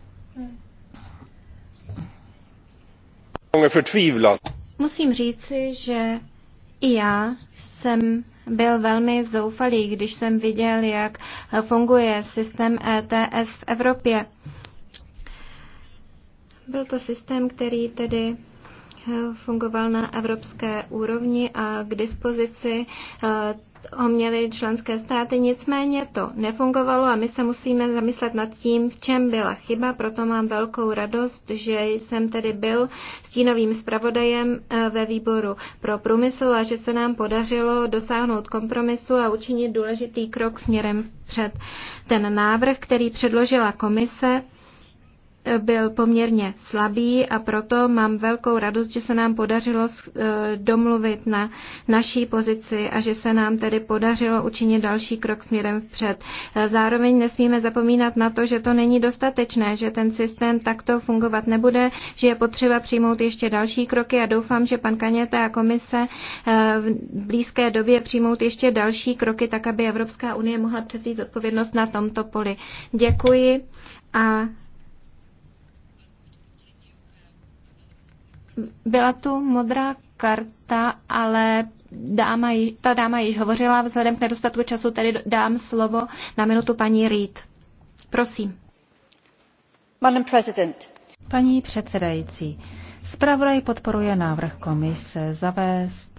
Musím říci, že i já jsem byl velmi zoufalý, když jsem viděl, jak funguje systém ETS v Evropě. Byl to systém, který tedy fungoval na evropské úrovni a k dispozici eh, ho měly členské státy, nicméně to nefungovalo a my se musíme zamyslet nad tím, v čem byla chyba, proto mám velkou radost, že jsem tedy byl stínovým zpravodajem eh, ve výboru pro průmysl a že se nám podařilo dosáhnout kompromisu a učinit důležitý krok směrem před ten návrh, který předložila komise byl poměrně slabý a proto mám velkou radost, že se nám podařilo eh, domluvit na naší pozici a že se nám tedy podařilo učinit další krok směrem vpřed. Eh, zároveň nesmíme zapomínat na to, že to není dostatečné, že ten systém takto fungovat nebude, že je potřeba přijmout ještě další kroky a doufám, že pan Kaněta a komise eh, v blízké době přijmout ještě další kroky, tak aby Evropská unie mohla převzít odpovědnost na tomto poli. Děkuji a Byla tu modrá karta, ale dáma, ta dáma již hovořila, vzhledem k nedostatku času tedy dám slovo na minutu paní Reid. Prosím. Madam President. Paní předsedající, zpravodaj podporuje návrh komise zavést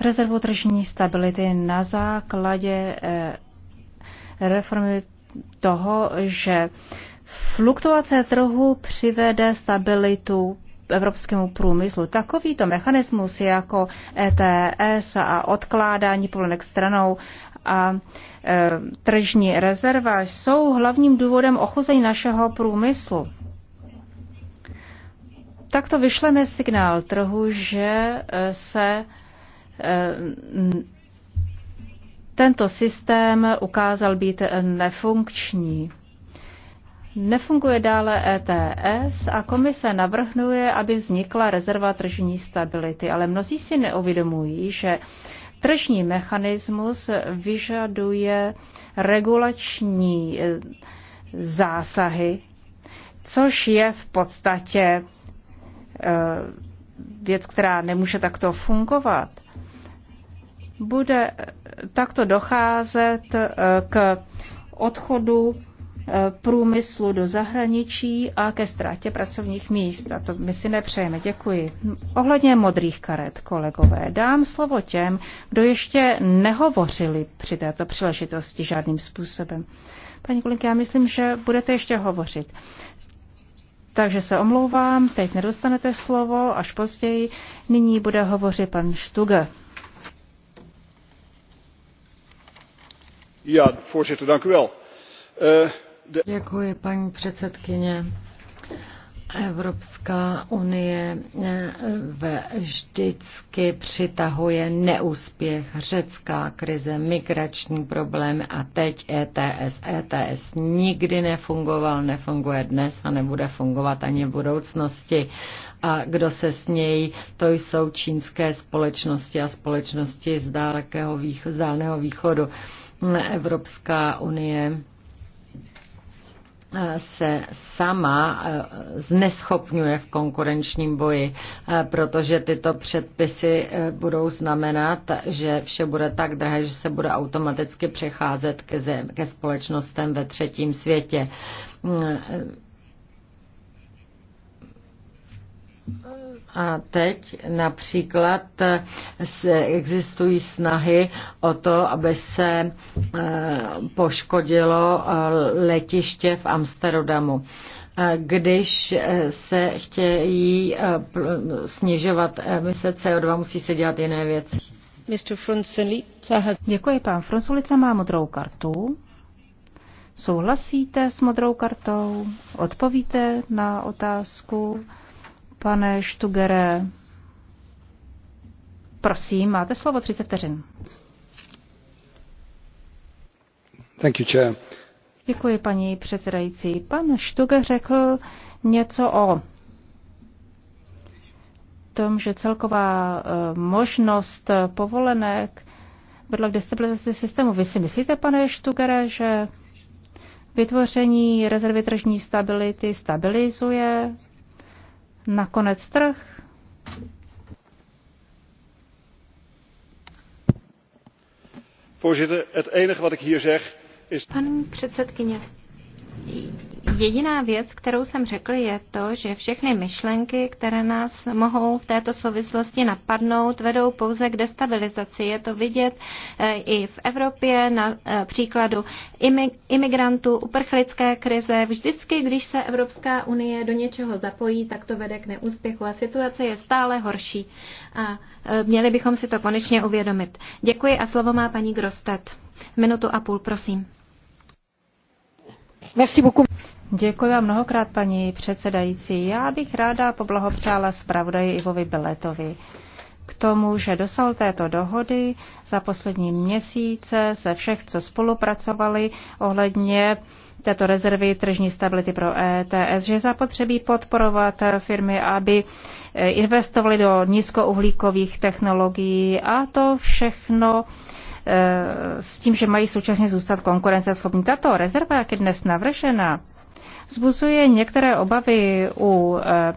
rezervu tržní stability na základě eh, reformy toho, že fluktuace trhu přivede stabilitu evropskému průmyslu. Takovýto mechanismus jako ETS a odkládání povolenek stranou a e, tržní rezerva jsou hlavním důvodem ochuzení našeho průmyslu. Takto vyšleme signál trhu, že e, se e, tento systém ukázal být nefunkční. Nefunguje dále ETS a komise navrhnuje, aby vznikla rezerva tržní stability, ale mnozí si neuvědomují, že tržní mechanismus vyžaduje regulační e, zásahy, což je v podstatě e, věc, která nemůže takto fungovat. Bude takto docházet e, k odchodu průmyslu do zahraničí a ke ztrátě pracovních míst. A to my si nepřejeme. Děkuji. Ohledně modrých karet, kolegové, dám slovo těm, kdo ještě nehovořili při této příležitosti žádným způsobem. Paní Kulinka, já myslím, že budete ještě hovořit. Takže se omlouvám, teď nedostanete slovo, až později. Nyní bude hovořit pan Štuge. Ja, voorzitter, dank u wel. Uh, Děkuji, paní předsedkyně. Evropská unie eh, vždycky přitahuje neúspěch, řecká krize, migrační problémy a teď ETS. ETS nikdy nefungoval, nefunguje dnes a nebude fungovat ani v budoucnosti. A kdo se s něj? to jsou čínské společnosti a společnosti z, dálkého z dálného východu. Evropská unie se sama eh, zneschopňuje v konkurenčním boji, eh, protože tyto předpisy eh, budou znamenat, že vše bude tak drahé, že se bude automaticky přecházet ke, ke společnostem ve třetím světě mm, A teď například existují snahy o to, aby se e, poškodilo e, letiště v Amsterdamu. E, když se chtějí snižovat emise CO2, musí se dělat jiné věci. Děkuji, pán Fronsulica má modrou kartu. Souhlasíte s modrou kartou? Odpovíte na otázku? Pane Štugere, prosím, máte slovo 30 vteřin. Thank you, chair. Děkuji, paní předsedající. Pan Štuge řekl něco o tom, že celková e, možnost povolenek vedla k destabilizaci systému. Vy si myslíte, pane Štugere, že vytvoření rezervy tržní stability stabilizuje na konec trh. Voorzitter, het enige wat ik hier zeg is. Paní předsedkyně, Jediná věc, kterou jsem řekl, je to, že všechny myšlenky, které nás mohou v této souvislosti napadnout, vedou pouze k destabilizaci. Je to vidět eh, i v Evropě na eh, příkladu imigrantů, uprchlické krize. Vždycky, když se Evropská unie do něčeho zapojí, tak to vede k neúspěchu a situace je stále horší. A eh, měli bychom si to konečně uvědomit. Děkuji a slovo má paní Grostet. Minutu a půl, prosím. Merci beaucoup. Děkuji vám mnohokrát, paní předsedající. Já bych ráda poblahopřála zpravodaji Ivovi Beletovi k tomu, že dosal této dohody za poslední měsíce se všech, co spolupracovali ohledně této rezervy tržní stability pro ETS, že zapotřebí podporovat firmy, aby investovali do nízkouhlíkových technologií a to všechno Eh, s tím, že mají současně zůstat konkurenceschopní. Tato rezerva, jak je dnes navržena, zbuzuje některé obavy u eh,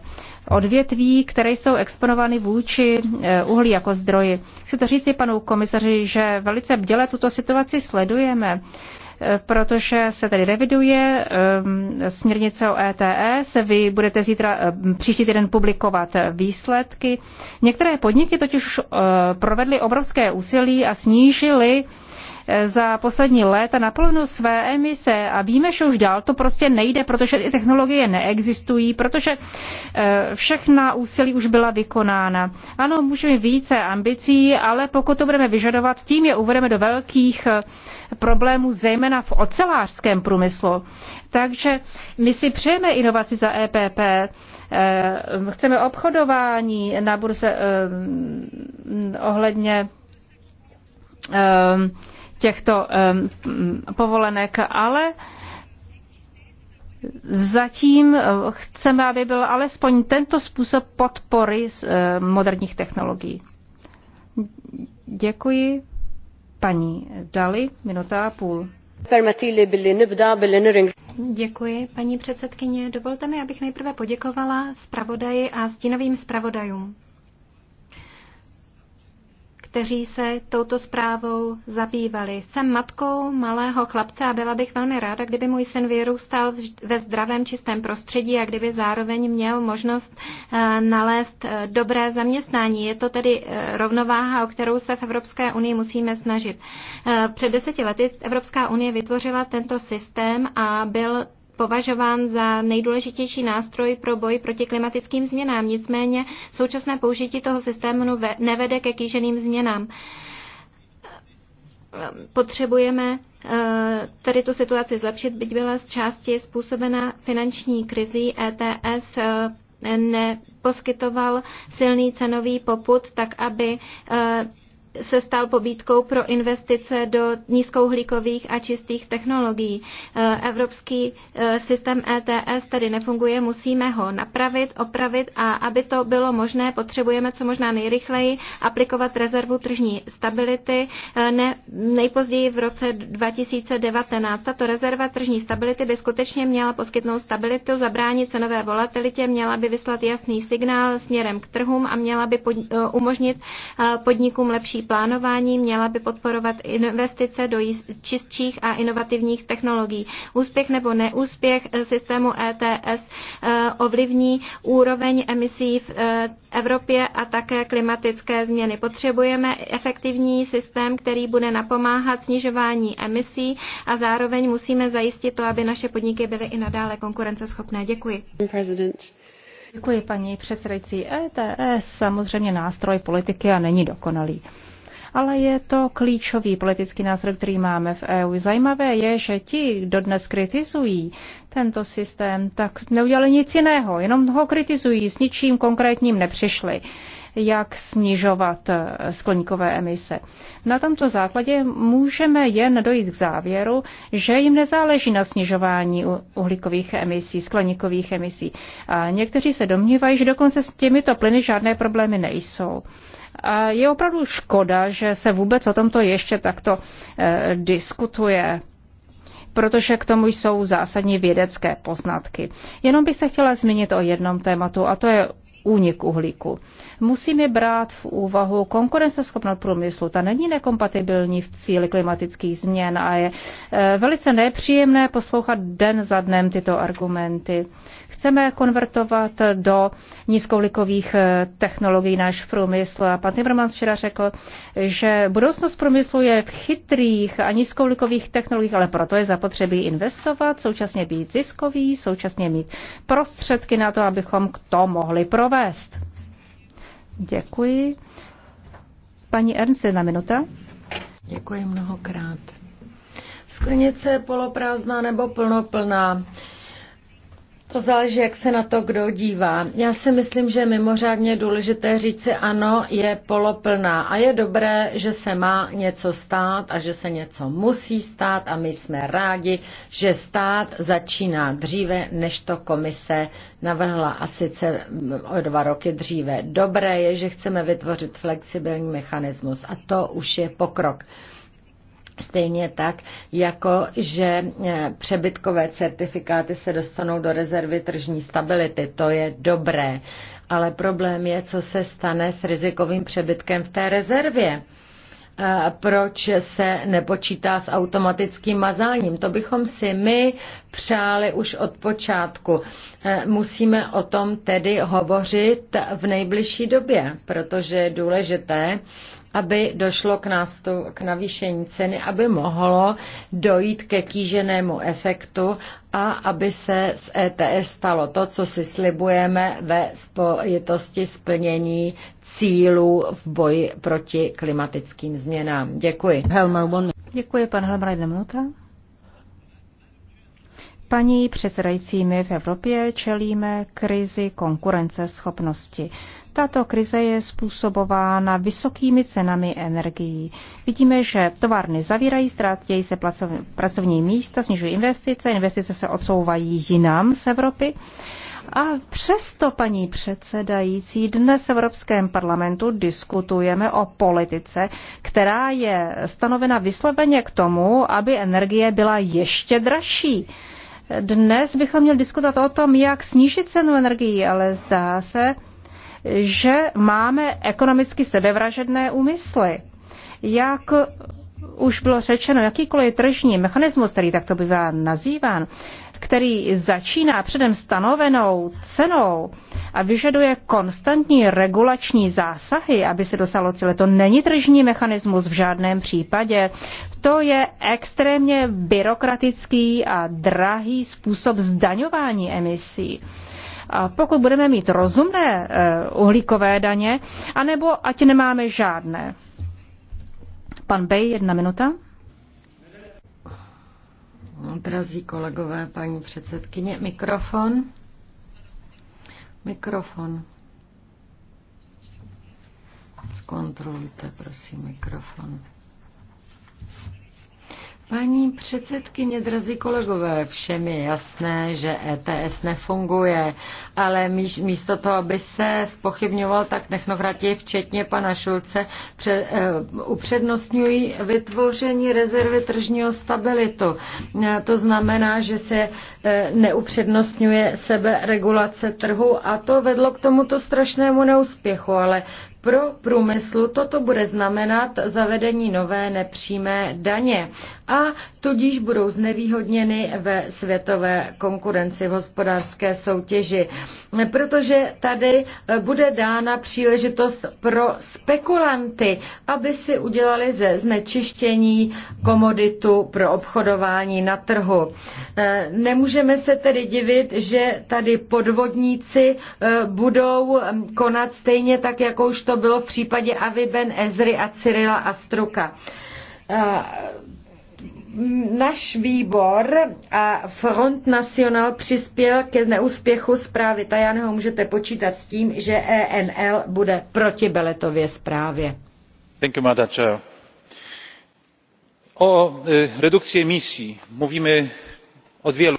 odvětví, které jsou exponovány vůči eh, uhlí jako zdroji. Chci to říci panu komisaři, že velice bděle tuto situaci sledujeme protože se tedy reviduje ehm, směrnice o ETS. Vy budete zítra ehm, příští týden publikovat výsledky. Některé podniky totiž eh, provedly obrovské úsilí a snížily Eh, za poslední léta na plnou své emise a víme, že už dál to prostě nejde, protože ty technologie neexistují, protože eh, všechna úsilí už byla vykonána. Ano, můžeme více ambicí, ale pokud to budeme vyžadovat, tím je uvedeme do velkých eh, problémů, zejména v ocelářském průmyslu. Takže my si přejeme inovaci za EPP, chceme obchodování na burze ohledně těchto povolenek, ale zatím eh, chceme, aby byl alespoň tento způsob podpory z eh, moderních technologií. Děkuji paní Dali, minuta a půl. Děkuji, paní předsedkyně. Dovolte mi, abych nejprve poděkovala zpravodaji a stínovým zpravodajům kteří se touto zprávou zabývali. Jsem matkou malého chlapce a byla bych velmi ráda, kdyby můj syn vyrůstal ve zdravém čistém prostředí a kdyby zároveň měl možnost eh, nalézt eh, dobré zaměstnání. Je to tedy eh, rovnováha, o kterou se v Evropské unii musíme snažit. Před deseti lety Evropská unie vytvořila tento systém a byl považován za nejdůležitější nástroj pro boj proti klimatickým změnám. Nicméně současné použití toho systému nevede ke kýženým změnám. Potřebujeme eh, tady tu situaci zlepšit, byť byla z části způsobena finanční krizí ETS eh, neposkytoval silný cenový poput, tak aby eh, se stal pobídkou pro investice do nízkouhlíkových a čistých technologií. Eh, evropský eh, systém ETS tady nefunguje, musíme ho napravit, opravit a aby to bylo možné, potřebujeme co možná nejrychleji aplikovat rezervu tržní stability eh, ne, nejpozději v roce 2019. Tato rezerva tržní stability by skutečně měla poskytnout stabilitu, zabránit cenové volatilitě, měla by vyslat jasný signál směrem k trhům a měla by pod, umožnit podnikům lepší plánování měla by podporovat investice do čistších a inovativních technologií. Úspěch nebo neúspěch eh, systému ETS eh, ovlivní úroveň emisí v eh, Evropě a také klimatické změny. Potřebujeme efektivní systém, který bude napomáhat snižování emisí a zároveň musíme zajistit to, aby naše podniky byly i nadále konkurenceschopné. Děkuji. Děkuji paní předsedající. ETS samozřejmě nástroj politiky a není dokonalý ale je to klíčový politický nástroj, který máme v EU. Zajímavé je, že ti, kdo dnes kritizují tento systém, tak neudělali nic jiného, jenom ho kritizují, s ničím konkrétním nepřišli jak snižovat eh, skleníkové emise. Na tomto základě můžeme jen dojít k závěru, že jim nezáleží na snižování uhlíkových emisí, skleníkových emisí. A někteří se domnívají, že dokonce s těmito plyny žádné problémy nejsou. A je opravdu škoda, že se vůbec o tomto ještě takto e, diskutuje protože k tomu jsou zásadní vědecké poznatky. Jenom bych se chtěla zmínit o jednom tématu, a to je únik uhlíku. Musíme brát v úvahu konkurenceschopnost průmyslu. Ta není nekompatibilní v cíli klimatických změn a je e, velice nepříjemné poslouchat den za dnem tyto argumenty chceme konvertovat do nízkoulikových eh, technologií náš průmysl. A pan Timmermans včera řekl, že budoucnost průmyslu je v chytrých a nízkoulikových technologiích, ale proto je zapotřebí investovat, současně být ziskový, současně mít prostředky na to, abychom to mohli provést. Děkuji. Paní Ernst, jedna minuta. Děkuji mnohokrát. Sklenice je poloprázdná nebo plnoplná. To záleží, jak se na to kdo dívá. Já si myslím, že mimořádně důležité říci ano, je poloplná a je dobré, že se má něco stát a že se něco musí stát a my jsme rádi, že stát začíná dříve, než to komise navrhla a sice mm, o dva roky dříve. Dobré je, že chceme vytvořit flexibilní mechanismus a to už je pokrok. Stejně tak, jako že eh, přebytkové certifikáty se dostanou do rezervy tržní stability. To je dobré. Ale problém je, co se stane s rizikovým přebytkem v té rezervě eh, proč se nepočítá s automatickým mazáním. To bychom si my přáli už od počátku. Eh, musíme o tom tedy hovořit v nejbližší době, protože je důležité, aby došlo k, nástup, k navýšení ceny, aby mohlo dojít ke kýženému efektu a aby se z ETS stalo to, co si slibujeme ve spojitosti splnění cílů v boji proti klimatickým změnám. Děkuji. Helmer, Děkuji, pan Helmer, jedna minuta. Paní předsedající, my v Evropě čelíme krizi konkurenceschopnosti. Tato krize je způsobována vysokými cenami energií. Vidíme, že továrny zavírají, ztrátějí se pracovní místa, snižují investice, investice se odsouvají jinam z Evropy. A přesto, paní předsedající, dnes v Evropském parlamentu diskutujeme o politice, která je stanovena vysloveně k tomu, aby energie byla ještě dražší. Dnes bychom měli diskutovat o tom, jak snížit cenu energii, ale zdá se, že máme ekonomicky sebevražedné úmysly. Jak už bylo řečeno, jakýkoliv tržní mechanismus, který takto bývá nazýván, který začíná předem stanovenou cenou, a vyžaduje konstantní regulační zásahy, aby se dosalo cíle. To není tržní mechanismus v žádném případě. To je extrémně byrokratický a drahý způsob zdaňování emisí. A pokud budeme mít rozumné e, uhlíkové daně, anebo ať nemáme žádné. Pan Bej, jedna minuta. Drazí kolegové, paní předsedkyně, mikrofon. Mikrofon. Zkontrolujte, prosím, mikrofon. Paní předsedkyně, drazí kolegové, všem je jasné, že ETS nefunguje, ale místo toho, aby se spochybňoval, tak technokrati, včetně pana Šulce, před, uh, eh, upřednostňují vytvoření rezervy tržního stabilitu. To znamená, že se uh, neupřednostňuje regulace trhu a to vedlo k tomuto strašnému neúspěchu, ale pro průmysl toto bude znamenat zavedení nové nepřímé daně a tudíž budou znevýhodněny ve světové konkurenci v hospodářské soutěži, protože tady eh, bude dána příležitost pro spekulanty, aby si udělali ze znečištění komoditu pro obchodování na trhu. Eh, nemůžeme se tedy divit, že tady podvodníci eh, budou mm, konat stejně tak, jako už to bylo v případě Aviben, Ezry a Cyrila Astruka Náš výbor a Front National přispěl ke neúspěchu zprávy Tajaného. Můžete počítat s tím, že ENL bude proti Beletově zprávě. Thank you, Chair. O e, redukci emisí mluvíme od vělu.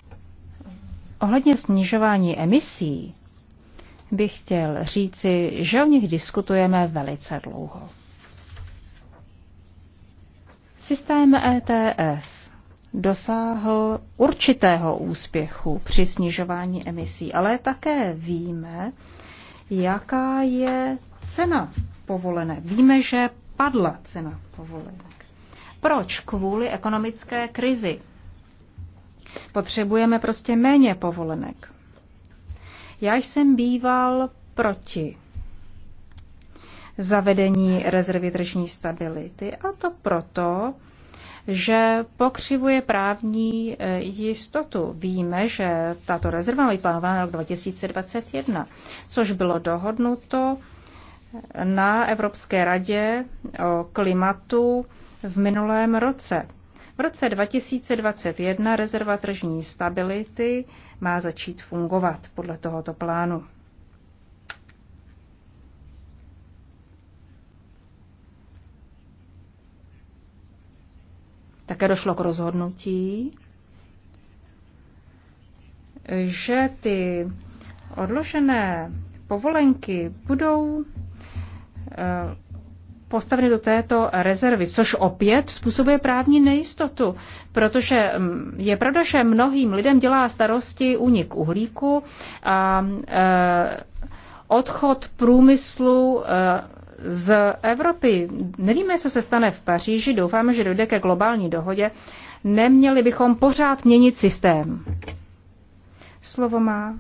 Ohledně snižování emisí bych chtěl říci, že o nich diskutujeme velice dlouho. Systém ETS dosáhl určitého úspěchu při snižování emisí, ale také víme, jaká je cena povolené. Víme, že padla cena povolenek. Proč? Kvůli ekonomické krizi. Potřebujeme prostě méně povolenek. Já jsem býval proti zavedení rezervy tržní stability. A to proto, že pokřivuje právní e, jistotu. Víme, že tato rezerva je plánována na rok 2021, což bylo dohodnuto e, na Evropské radě o klimatu v minulém roce. V roce 2021 rezerva tržní stability má začít fungovat podle tohoto plánu. Také došlo k rozhodnutí, že ty odložené povolenky budou eh, postaveny do této rezervy, což opět způsobuje právní nejistotu, protože mm, je pravda, že mnohým lidem dělá starosti únik uhlíku a eh, odchod průmyslu eh, z Evropy. Nevíme, co se stane v Paříži, doufáme, že dojde ke globální dohodě. Neměli bychom pořád měnit systém. Slovo má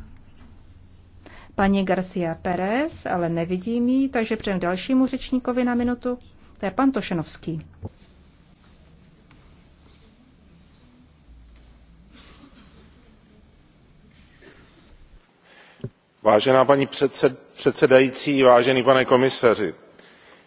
paní Garcia Pérez, ale nevidím ji, takže přejdu dalšímu řečníkovi na minutu. To je pan Tošenovský. Vážená paní předsedající, vážený pane komisaři,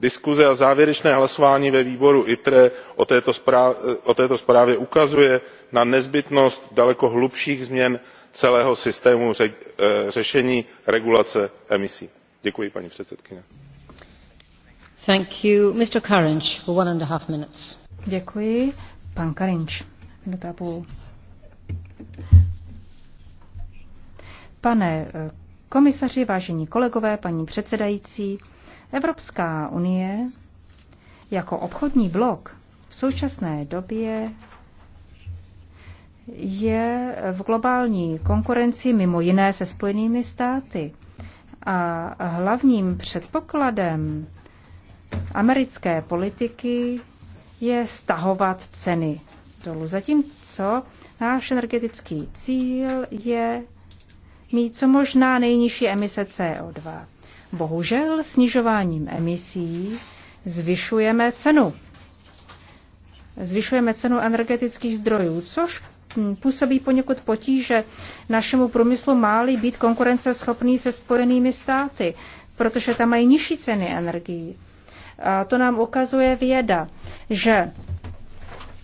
diskuse a závěrečné hlasování ve výboru itre o této zprávě ukazuje na nezbytnost daleko hlubších změn celého systému eh, řešení regulace emisí. děkuji paní předsedkyně. Děkuji. Pane eh, komisaři, vážení kolegové, paní předsedající, Evropská unie jako obchodní blok v současné době je v globální konkurenci mimo jiné se Spojenými státy. A hlavním předpokladem americké politiky je stahovat ceny dolů. Zatímco náš energetický cíl je mít co možná nejnižší emise CO2. Bohužel snižováním emisí zvyšujeme cenu. Zvyšujeme cenu energetických zdrojů, což působí poněkud potíže našemu průmyslu máli být konkurenceschopný se spojenými státy, protože tam mají nižší ceny energií. A to nám ukazuje věda, že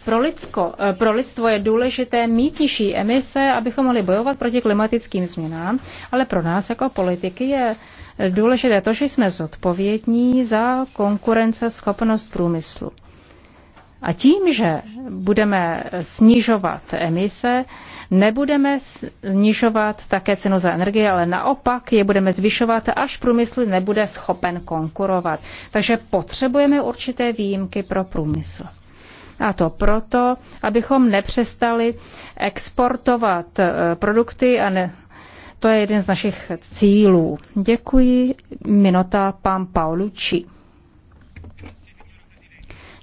pro, lidsko, pro lidstvo je důležité mít nižší emise, abychom mohli bojovat proti klimatickým změnám, ale pro nás jako politiky je důležité to, že jsme zodpovědní za konkurenceschopnost průmyslu. A tím, že budeme snižovat emise, nebudeme snižovat také cenu za energii, ale naopak je budeme zvyšovat, až průmysl nebude schopen konkurovat. Takže potřebujeme určité výjimky pro průmysl. A to proto, abychom nepřestali exportovat eh, produkty a ne, to je jeden z našich cílů. Děkuji. Minota pán Paulucci.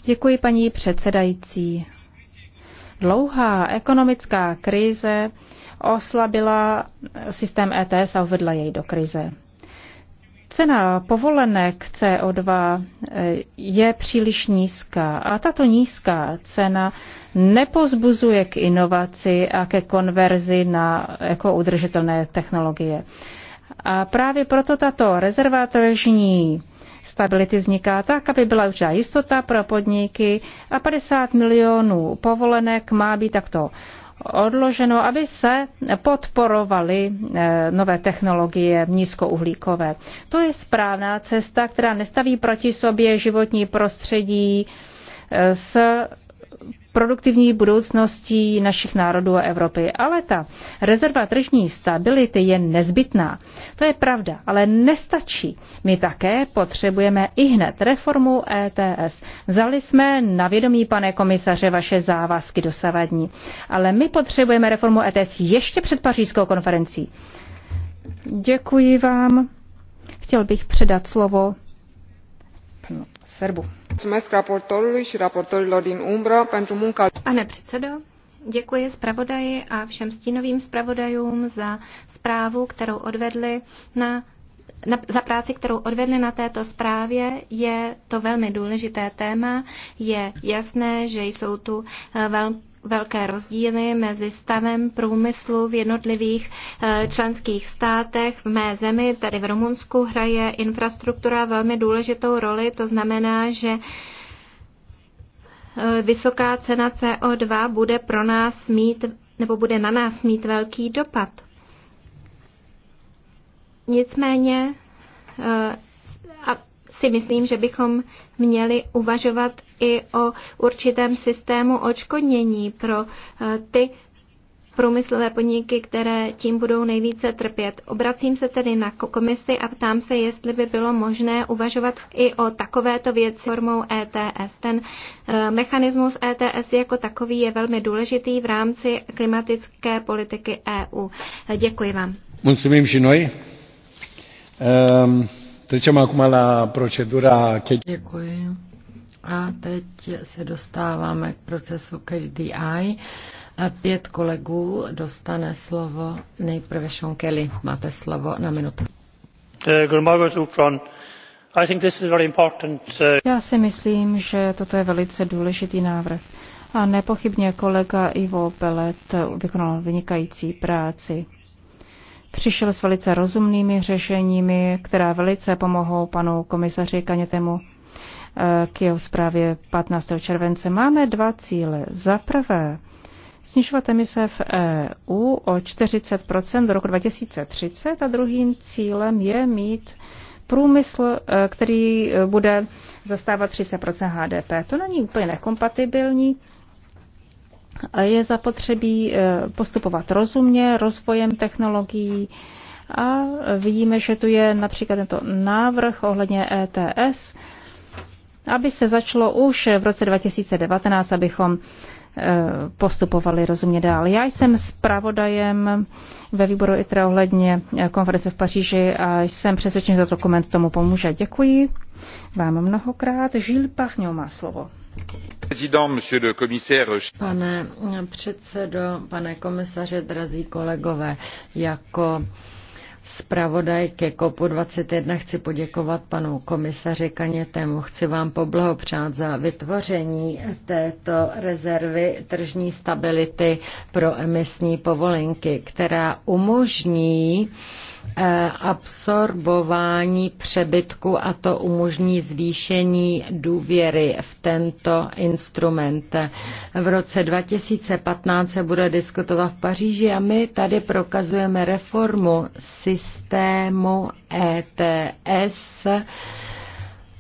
Děkuji, paní předsedající. Dlouhá ekonomická krize oslabila systém ETS a uvedla jej do krize. Cena povolenek CO2 eh, je příliš nízká a tato nízká cena nepozbuzuje k inovaci a ke konverzi na ekoudržitelné jako technologie. A právě proto tato rezerva tržní stability vzniká tak, aby byla určitá jistota pro podniky a 50 milionů povolenek má být takto odloženo, aby se podporovaly eh, nové technologie nízkouhlíkové. To je správná cesta, která nestaví proti sobě životní prostředí eh, s produktivní budoucností našich národů a Evropy. Ale ta rezerva tržní stability je nezbytná. To je pravda, ale nestačí. My také potřebujeme i hned reformu ETS. Vzali jsme na vědomí, pane komisaře, vaše závazky dosavadní. Ale my potřebujeme reformu ETS ještě před pařížskou konferencí. Děkuji vám. Chtěl bych předat slovo panu Pane předsedo, děkuji zpravodaji a všem stínovým zpravodajům za zprávu, kterou odvedli na na, za práci, kterou odvedli na této zprávě. Je to velmi důležité téma. Je jasné, že jsou tu eh, velké velké rozdíly mezi stavem průmyslu v jednotlivých eh, členských státech. V mé zemi, tedy v Rumunsku, hraje infrastruktura velmi důležitou roli. To znamená, že eh, vysoká cena CO2 bude pro nás mít nebo bude na nás mít velký dopad. Nicméně eh, si myslím, že bychom měli uvažovat i o určitém systému očkodnění pro eh, ty průmyslové podniky, které tím budou nejvíce trpět. Obracím se tedy na komisi a ptám se, jestli by bylo možné uvažovat i o takovéto věci formou ETS. Ten eh, mechanismus ETS jako takový je velmi důležitý v rámci klimatické politiky EU. Děkuji vám. Mulțumim și Um... Tečem akuma la procedura... Děkuji. A teď se dostáváme k procesu Catch the Pět kolegů dostane slovo. Nejprve Sean Kelly. Máte slovo na minutu. Eh, eh, Já si myslím, že toto je velice důležitý návrh. A nepochybně kolega Ivo Pelet vykonal vynikající práci přišel s velice rozumnými řešeními, která velice pomohou panu komisaři Kanětemu eh, k jeho zprávě 15. července. Máme dva cíle. Za prvé, snižovat emise v EU o 40 do roku 2030 a druhým cílem je mít průmysl, eh, který eh, bude zastávat 30 HDP. To není úplně nekompatibilní je zapotřebí eh, postupovat rozumně rozvojem technologií a vidíme, že tu je například tento návrh ohledně ETS, aby se začalo už v roce 2019, abychom eh, postupovali rozumně dál. Já jsem zpravodajem ve výboru ITRE ohledně eh, konference v Paříži a jsem přesvědčen, že to dokument tomu pomůže. Děkuji vám mnohokrát. Žil Pachňo má slovo. Pane předsedající pane komisaře, drazí kolegové, jako zpravodaj ke twenty 21 chci poděkovat panu komisaři Kanětemu. Chci vám poblahopřát za vytvoření této rezervy tržní stability pro emisní povolenky, která umožní Eh, absorbování přebytku a to umožní zvýšení důvěry v tento instrument. V roce 2015 se bude diskutovat v Paříži a my tady prokazujeme reformu systému ETS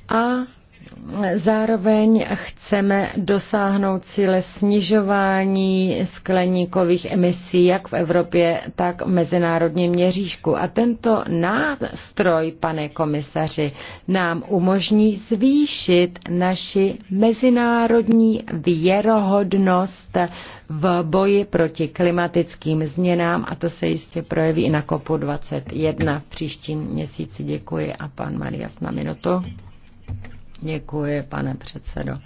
a Zároveň chceme dosáhnout cíle snižování skleníkových emisí jak v Evropě, tak v mezinárodním měřížku. A tento nástroj, pane komisaři, nám umožní zvýšit naši mezinárodní věrohodnost v boji proti klimatickým změnám a to se jistě projeví i na COP21 v příštím měsíci. Děkuji a pan Marias na minutu. Děkuji, pane předsedo.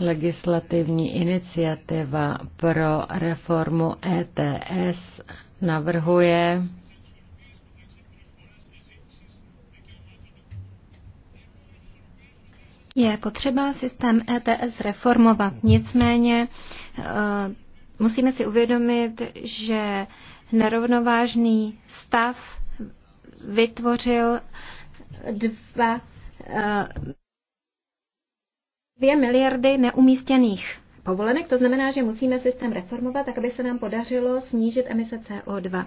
Legislativní iniciativa pro reformu ETS navrhuje Je potřeba systém ETS reformovat, nicméně eh, musíme si uvědomit, že nerovnovážný stav vytvořil dva 2 miliardy neumístěných povolenek, to znamená, že musíme systém reformovat, tak aby se nám podařilo snížit emise CO2.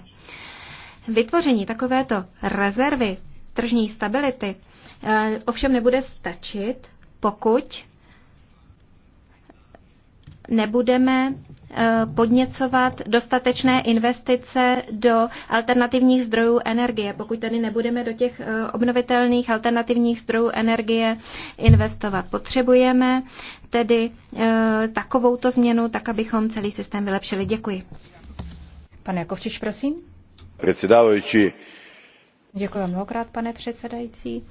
Vytvoření takovéto rezervy tržní stability eh, ovšem nebude stačit, pokud nebudeme eh, podněcovat dostatečné investice do alternativních zdrojů energie, pokud tady nebudeme do těch eh, obnovitelných alternativních zdrojů energie investovat. Potřebujeme tedy eh, takovouto změnu, tak abychom celý systém vylepšili. Děkuji. Pane Jakovčič, prosím. Předsedávající. Děkuji mnohokrát, pane předsedající.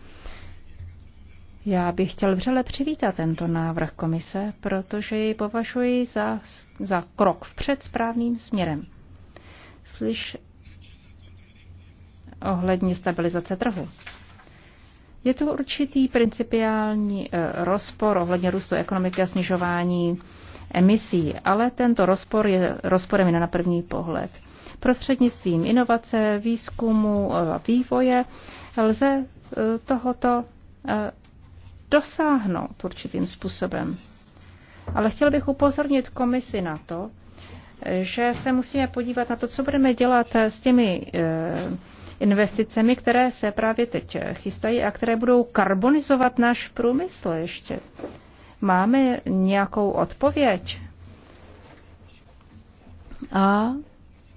Já bych chtěl vřele přivítat tento návrh komise, protože ji považuji za, za krok vpřed správným směrem. Slyš ohledně stabilizace trhu. Je tu určitý principiální eh, rozpor ohledně růstu ekonomiky a snižování emisí, ale tento rozpor je rozporem jen na první pohled. Prostřednictvím inovace, výzkumu a vývoje lze eh, tohoto eh, dosáhnout určitým způsobem. Ale chtěl bych upozornit komisi na to, že se musíme podívat na to, co budeme dělat s těmi eh, investicemi, které se právě teď chystají a které budou karbonizovat náš průmysl ještě. Máme nějakou odpověď? A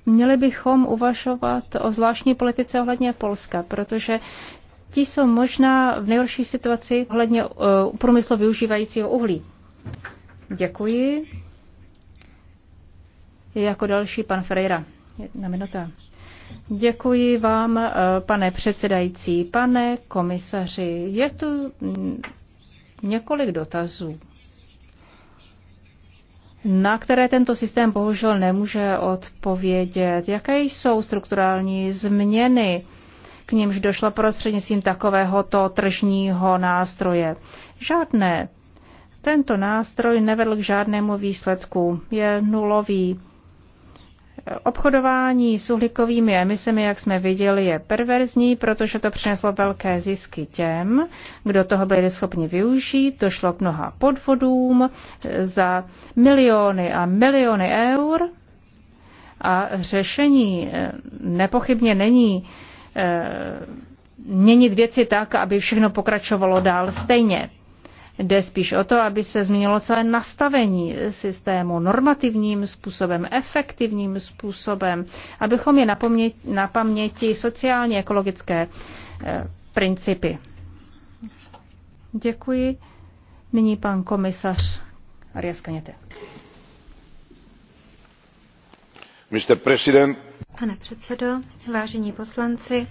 měli bychom uvažovat o zvláštní politice ohledně Polska, protože ti jsou možná v nejhorší situaci ohledně eh, průmyslu využívajícího uhlí. Děkuji. Jako další pan Ferreira. Jedna minuta. Děkuji vám, eh, pane předsedající, pane komisaři. Je tu mm, několik dotazů, na které tento systém bohužel nemůže odpovědět. Jaké jsou strukturální změny? k nímž došlo prostřednictvím takovéhoto tržního nástroje. Žádné. Tento nástroj nevedl k žádnému výsledku. Je nulový. Obchodování s uhlíkovými emisemi, jak jsme viděli, je perverzní, protože to přineslo velké zisky těm, kdo toho byli schopni využít. Došlo k mnoha podvodům za miliony a miliony eur. A řešení eh, nepochybně není Eh, měnit věci tak, aby všechno pokračovalo dál stejně. Jde spíš o to, aby se změnilo celé nastavení systému normativním způsobem, efektivním způsobem, abychom je na paměti, sociálně ekologické eh, principy. Děkuji. Nyní pan komisař Arias Kaněte. Mr. President, Pane předsedo, vážení poslanci,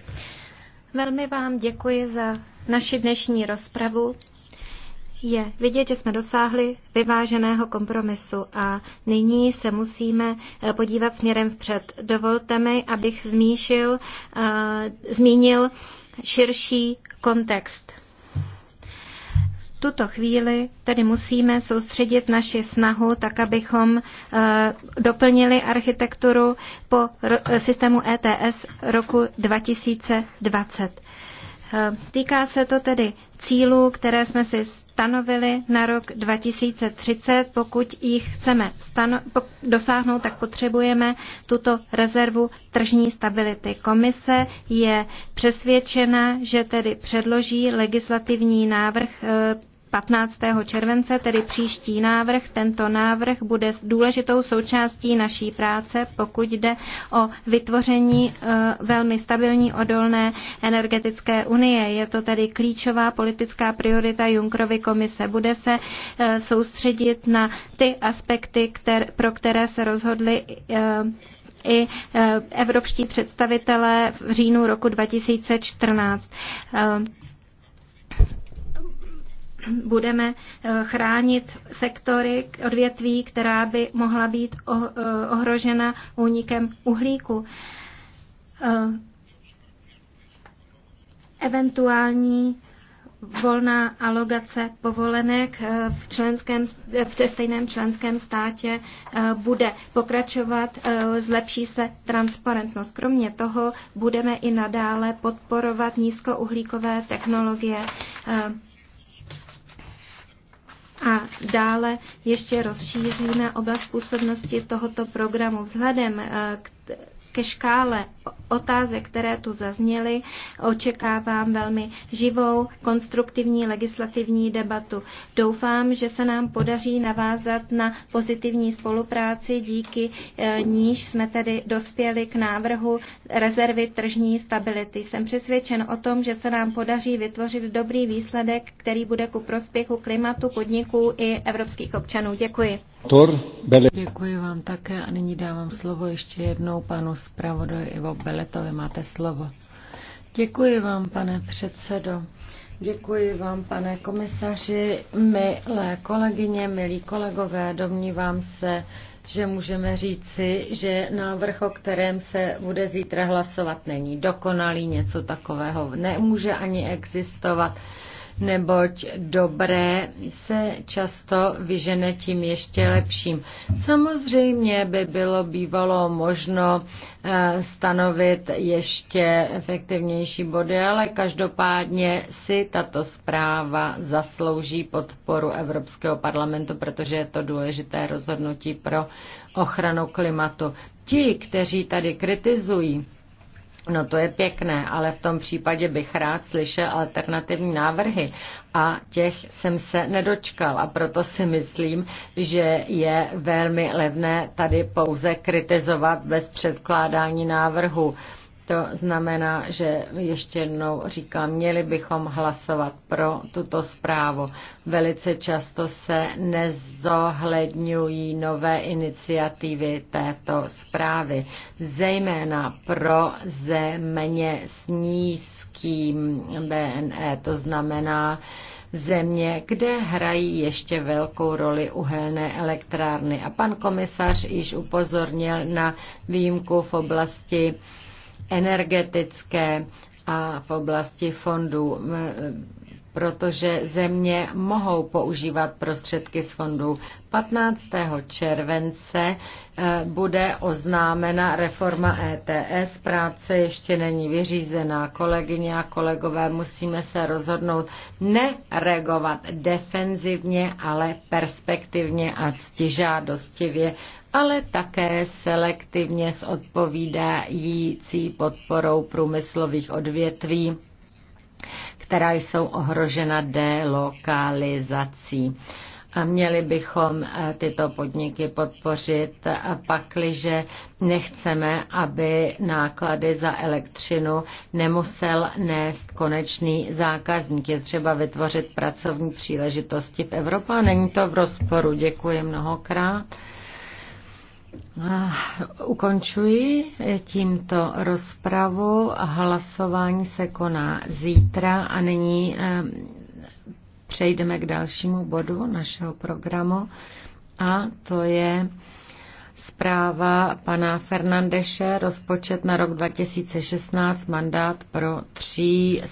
velmi vám děkuji za naši dnešní rozpravu. Je vidět, že jsme dosáhli vyváženého kompromisu a nyní se musíme eh, podívat směrem vpřed. Dovolte mi, abych zmíšil, uh, zmínil širší kontext tuto chvíli tedy musíme soustředit naši snahu tak, abychom eh, doplnili architekturu po systému ETS roku 2020. Eh, týká se to tedy cílů, které jsme si stanovili na rok 2030. Pokud jich chceme stano- dosáhnout, tak potřebujeme tuto rezervu tržní stability. Komise je přesvědčena, že tedy předloží legislativní návrh eh, 15. července, tedy příští návrh. Tento návrh bude důležitou součástí naší práce, pokud jde o vytvoření eh, velmi stabilní odolné energetické unie. Je to tedy klíčová politická priorita Junkrovy komise. Bude se eh, soustředit na ty aspekty, pro které se rozhodli eh, i evropští představitelé v říjnu roku 2014 budeme eh, chránit sektory, odvětví, která by mohla být eh, ohrožena únikem uhlíku. Eh, eventuální volná alokace povolenek v, členském, v stejném členském státě bude pokračovat, zlepší se transparentnost. Kromě toho budeme i nadále podporovat nízkouhlíkové technologie. A dále ještě rozšíříme oblast působnosti tohoto programu vzhledem eh, k ke škále otázek, které tu zazněly, očekávám velmi živou, konstruktivní legislativní debatu. Doufám, že se nám podaří navázat na pozitivní spolupráci, díky eh, níž jsme tedy dospěli k návrhu rezervy tržní stability. Jsem přesvědčen o tom, že se nám podaří vytvořit dobrý výsledek, který bude ku prospěchu klimatu, podniků i evropských občanů. Děkuji. Děkuji vám také a nyní dávám slovo ještě jednou panu zpravodaji Ivo Beletovi. Máte slovo. Děkuji vám, pane předsedo. Děkuji vám, pane komisaři, milé kolegyně, milí kolegové. Domnívám se, že můžeme říci, že návrh, o kterém se bude zítra hlasovat, není dokonalý, něco takového nemůže ani existovat neboť dobré se často vyžene tím ještě lepším. Samozřejmě by bylo bývalo možno eh, stanovit ještě efektivnější body, ale každopádně si tato zpráva zaslouží podporu Evropského parlamentu, protože je to důležité rozhodnutí pro ochranu klimatu. Ti, kteří tady kritizují No to je pěkné, ale v tom případě bych rád slyšel alternativní návrhy a těch jsem se nedočkal a proto si myslím, že je velmi levné tady pouze kritizovat bez předkládání návrhu. To znamená, že ještě jednou říkám, měli bychom hlasovat pro tuto zprávu. Velice často se nezohledňují nové iniciativy této zprávy, zejména pro země s nízkým BNE, to znamená, země, kde hrají ještě velkou roli uhelné elektrárny. A pan komisař již upozornil na výjimku v oblasti energetické a v oblasti fondů protože země mohou používat prostředky z fondů. 15. července eh, bude oznámena reforma ETS. Práce ještě není vyřízená. Kolegyně a kolegové, musíme se rozhodnout neregovat defenzivně, ale perspektivně a ctižádostivě ale také selektivně s odpovídající podporou průmyslových odvětví která jsou ohrožena delokalizací. A měli bychom eh, tyto podniky podpořit, eh, pakliže nechceme, aby náklady za elektřinu nemusel nést konečný zákazník. Je třeba vytvořit pracovní příležitosti v Evropě. Není to v rozporu. Děkuji mnohokrát. Ah, ukončuji tímto rozpravu. Hlasování se koná zítra a nyní eh, přejdeme k dalšímu bodu našeho programu a to je zpráva pana Fernandeše, rozpočet na rok 2016, mandát pro tří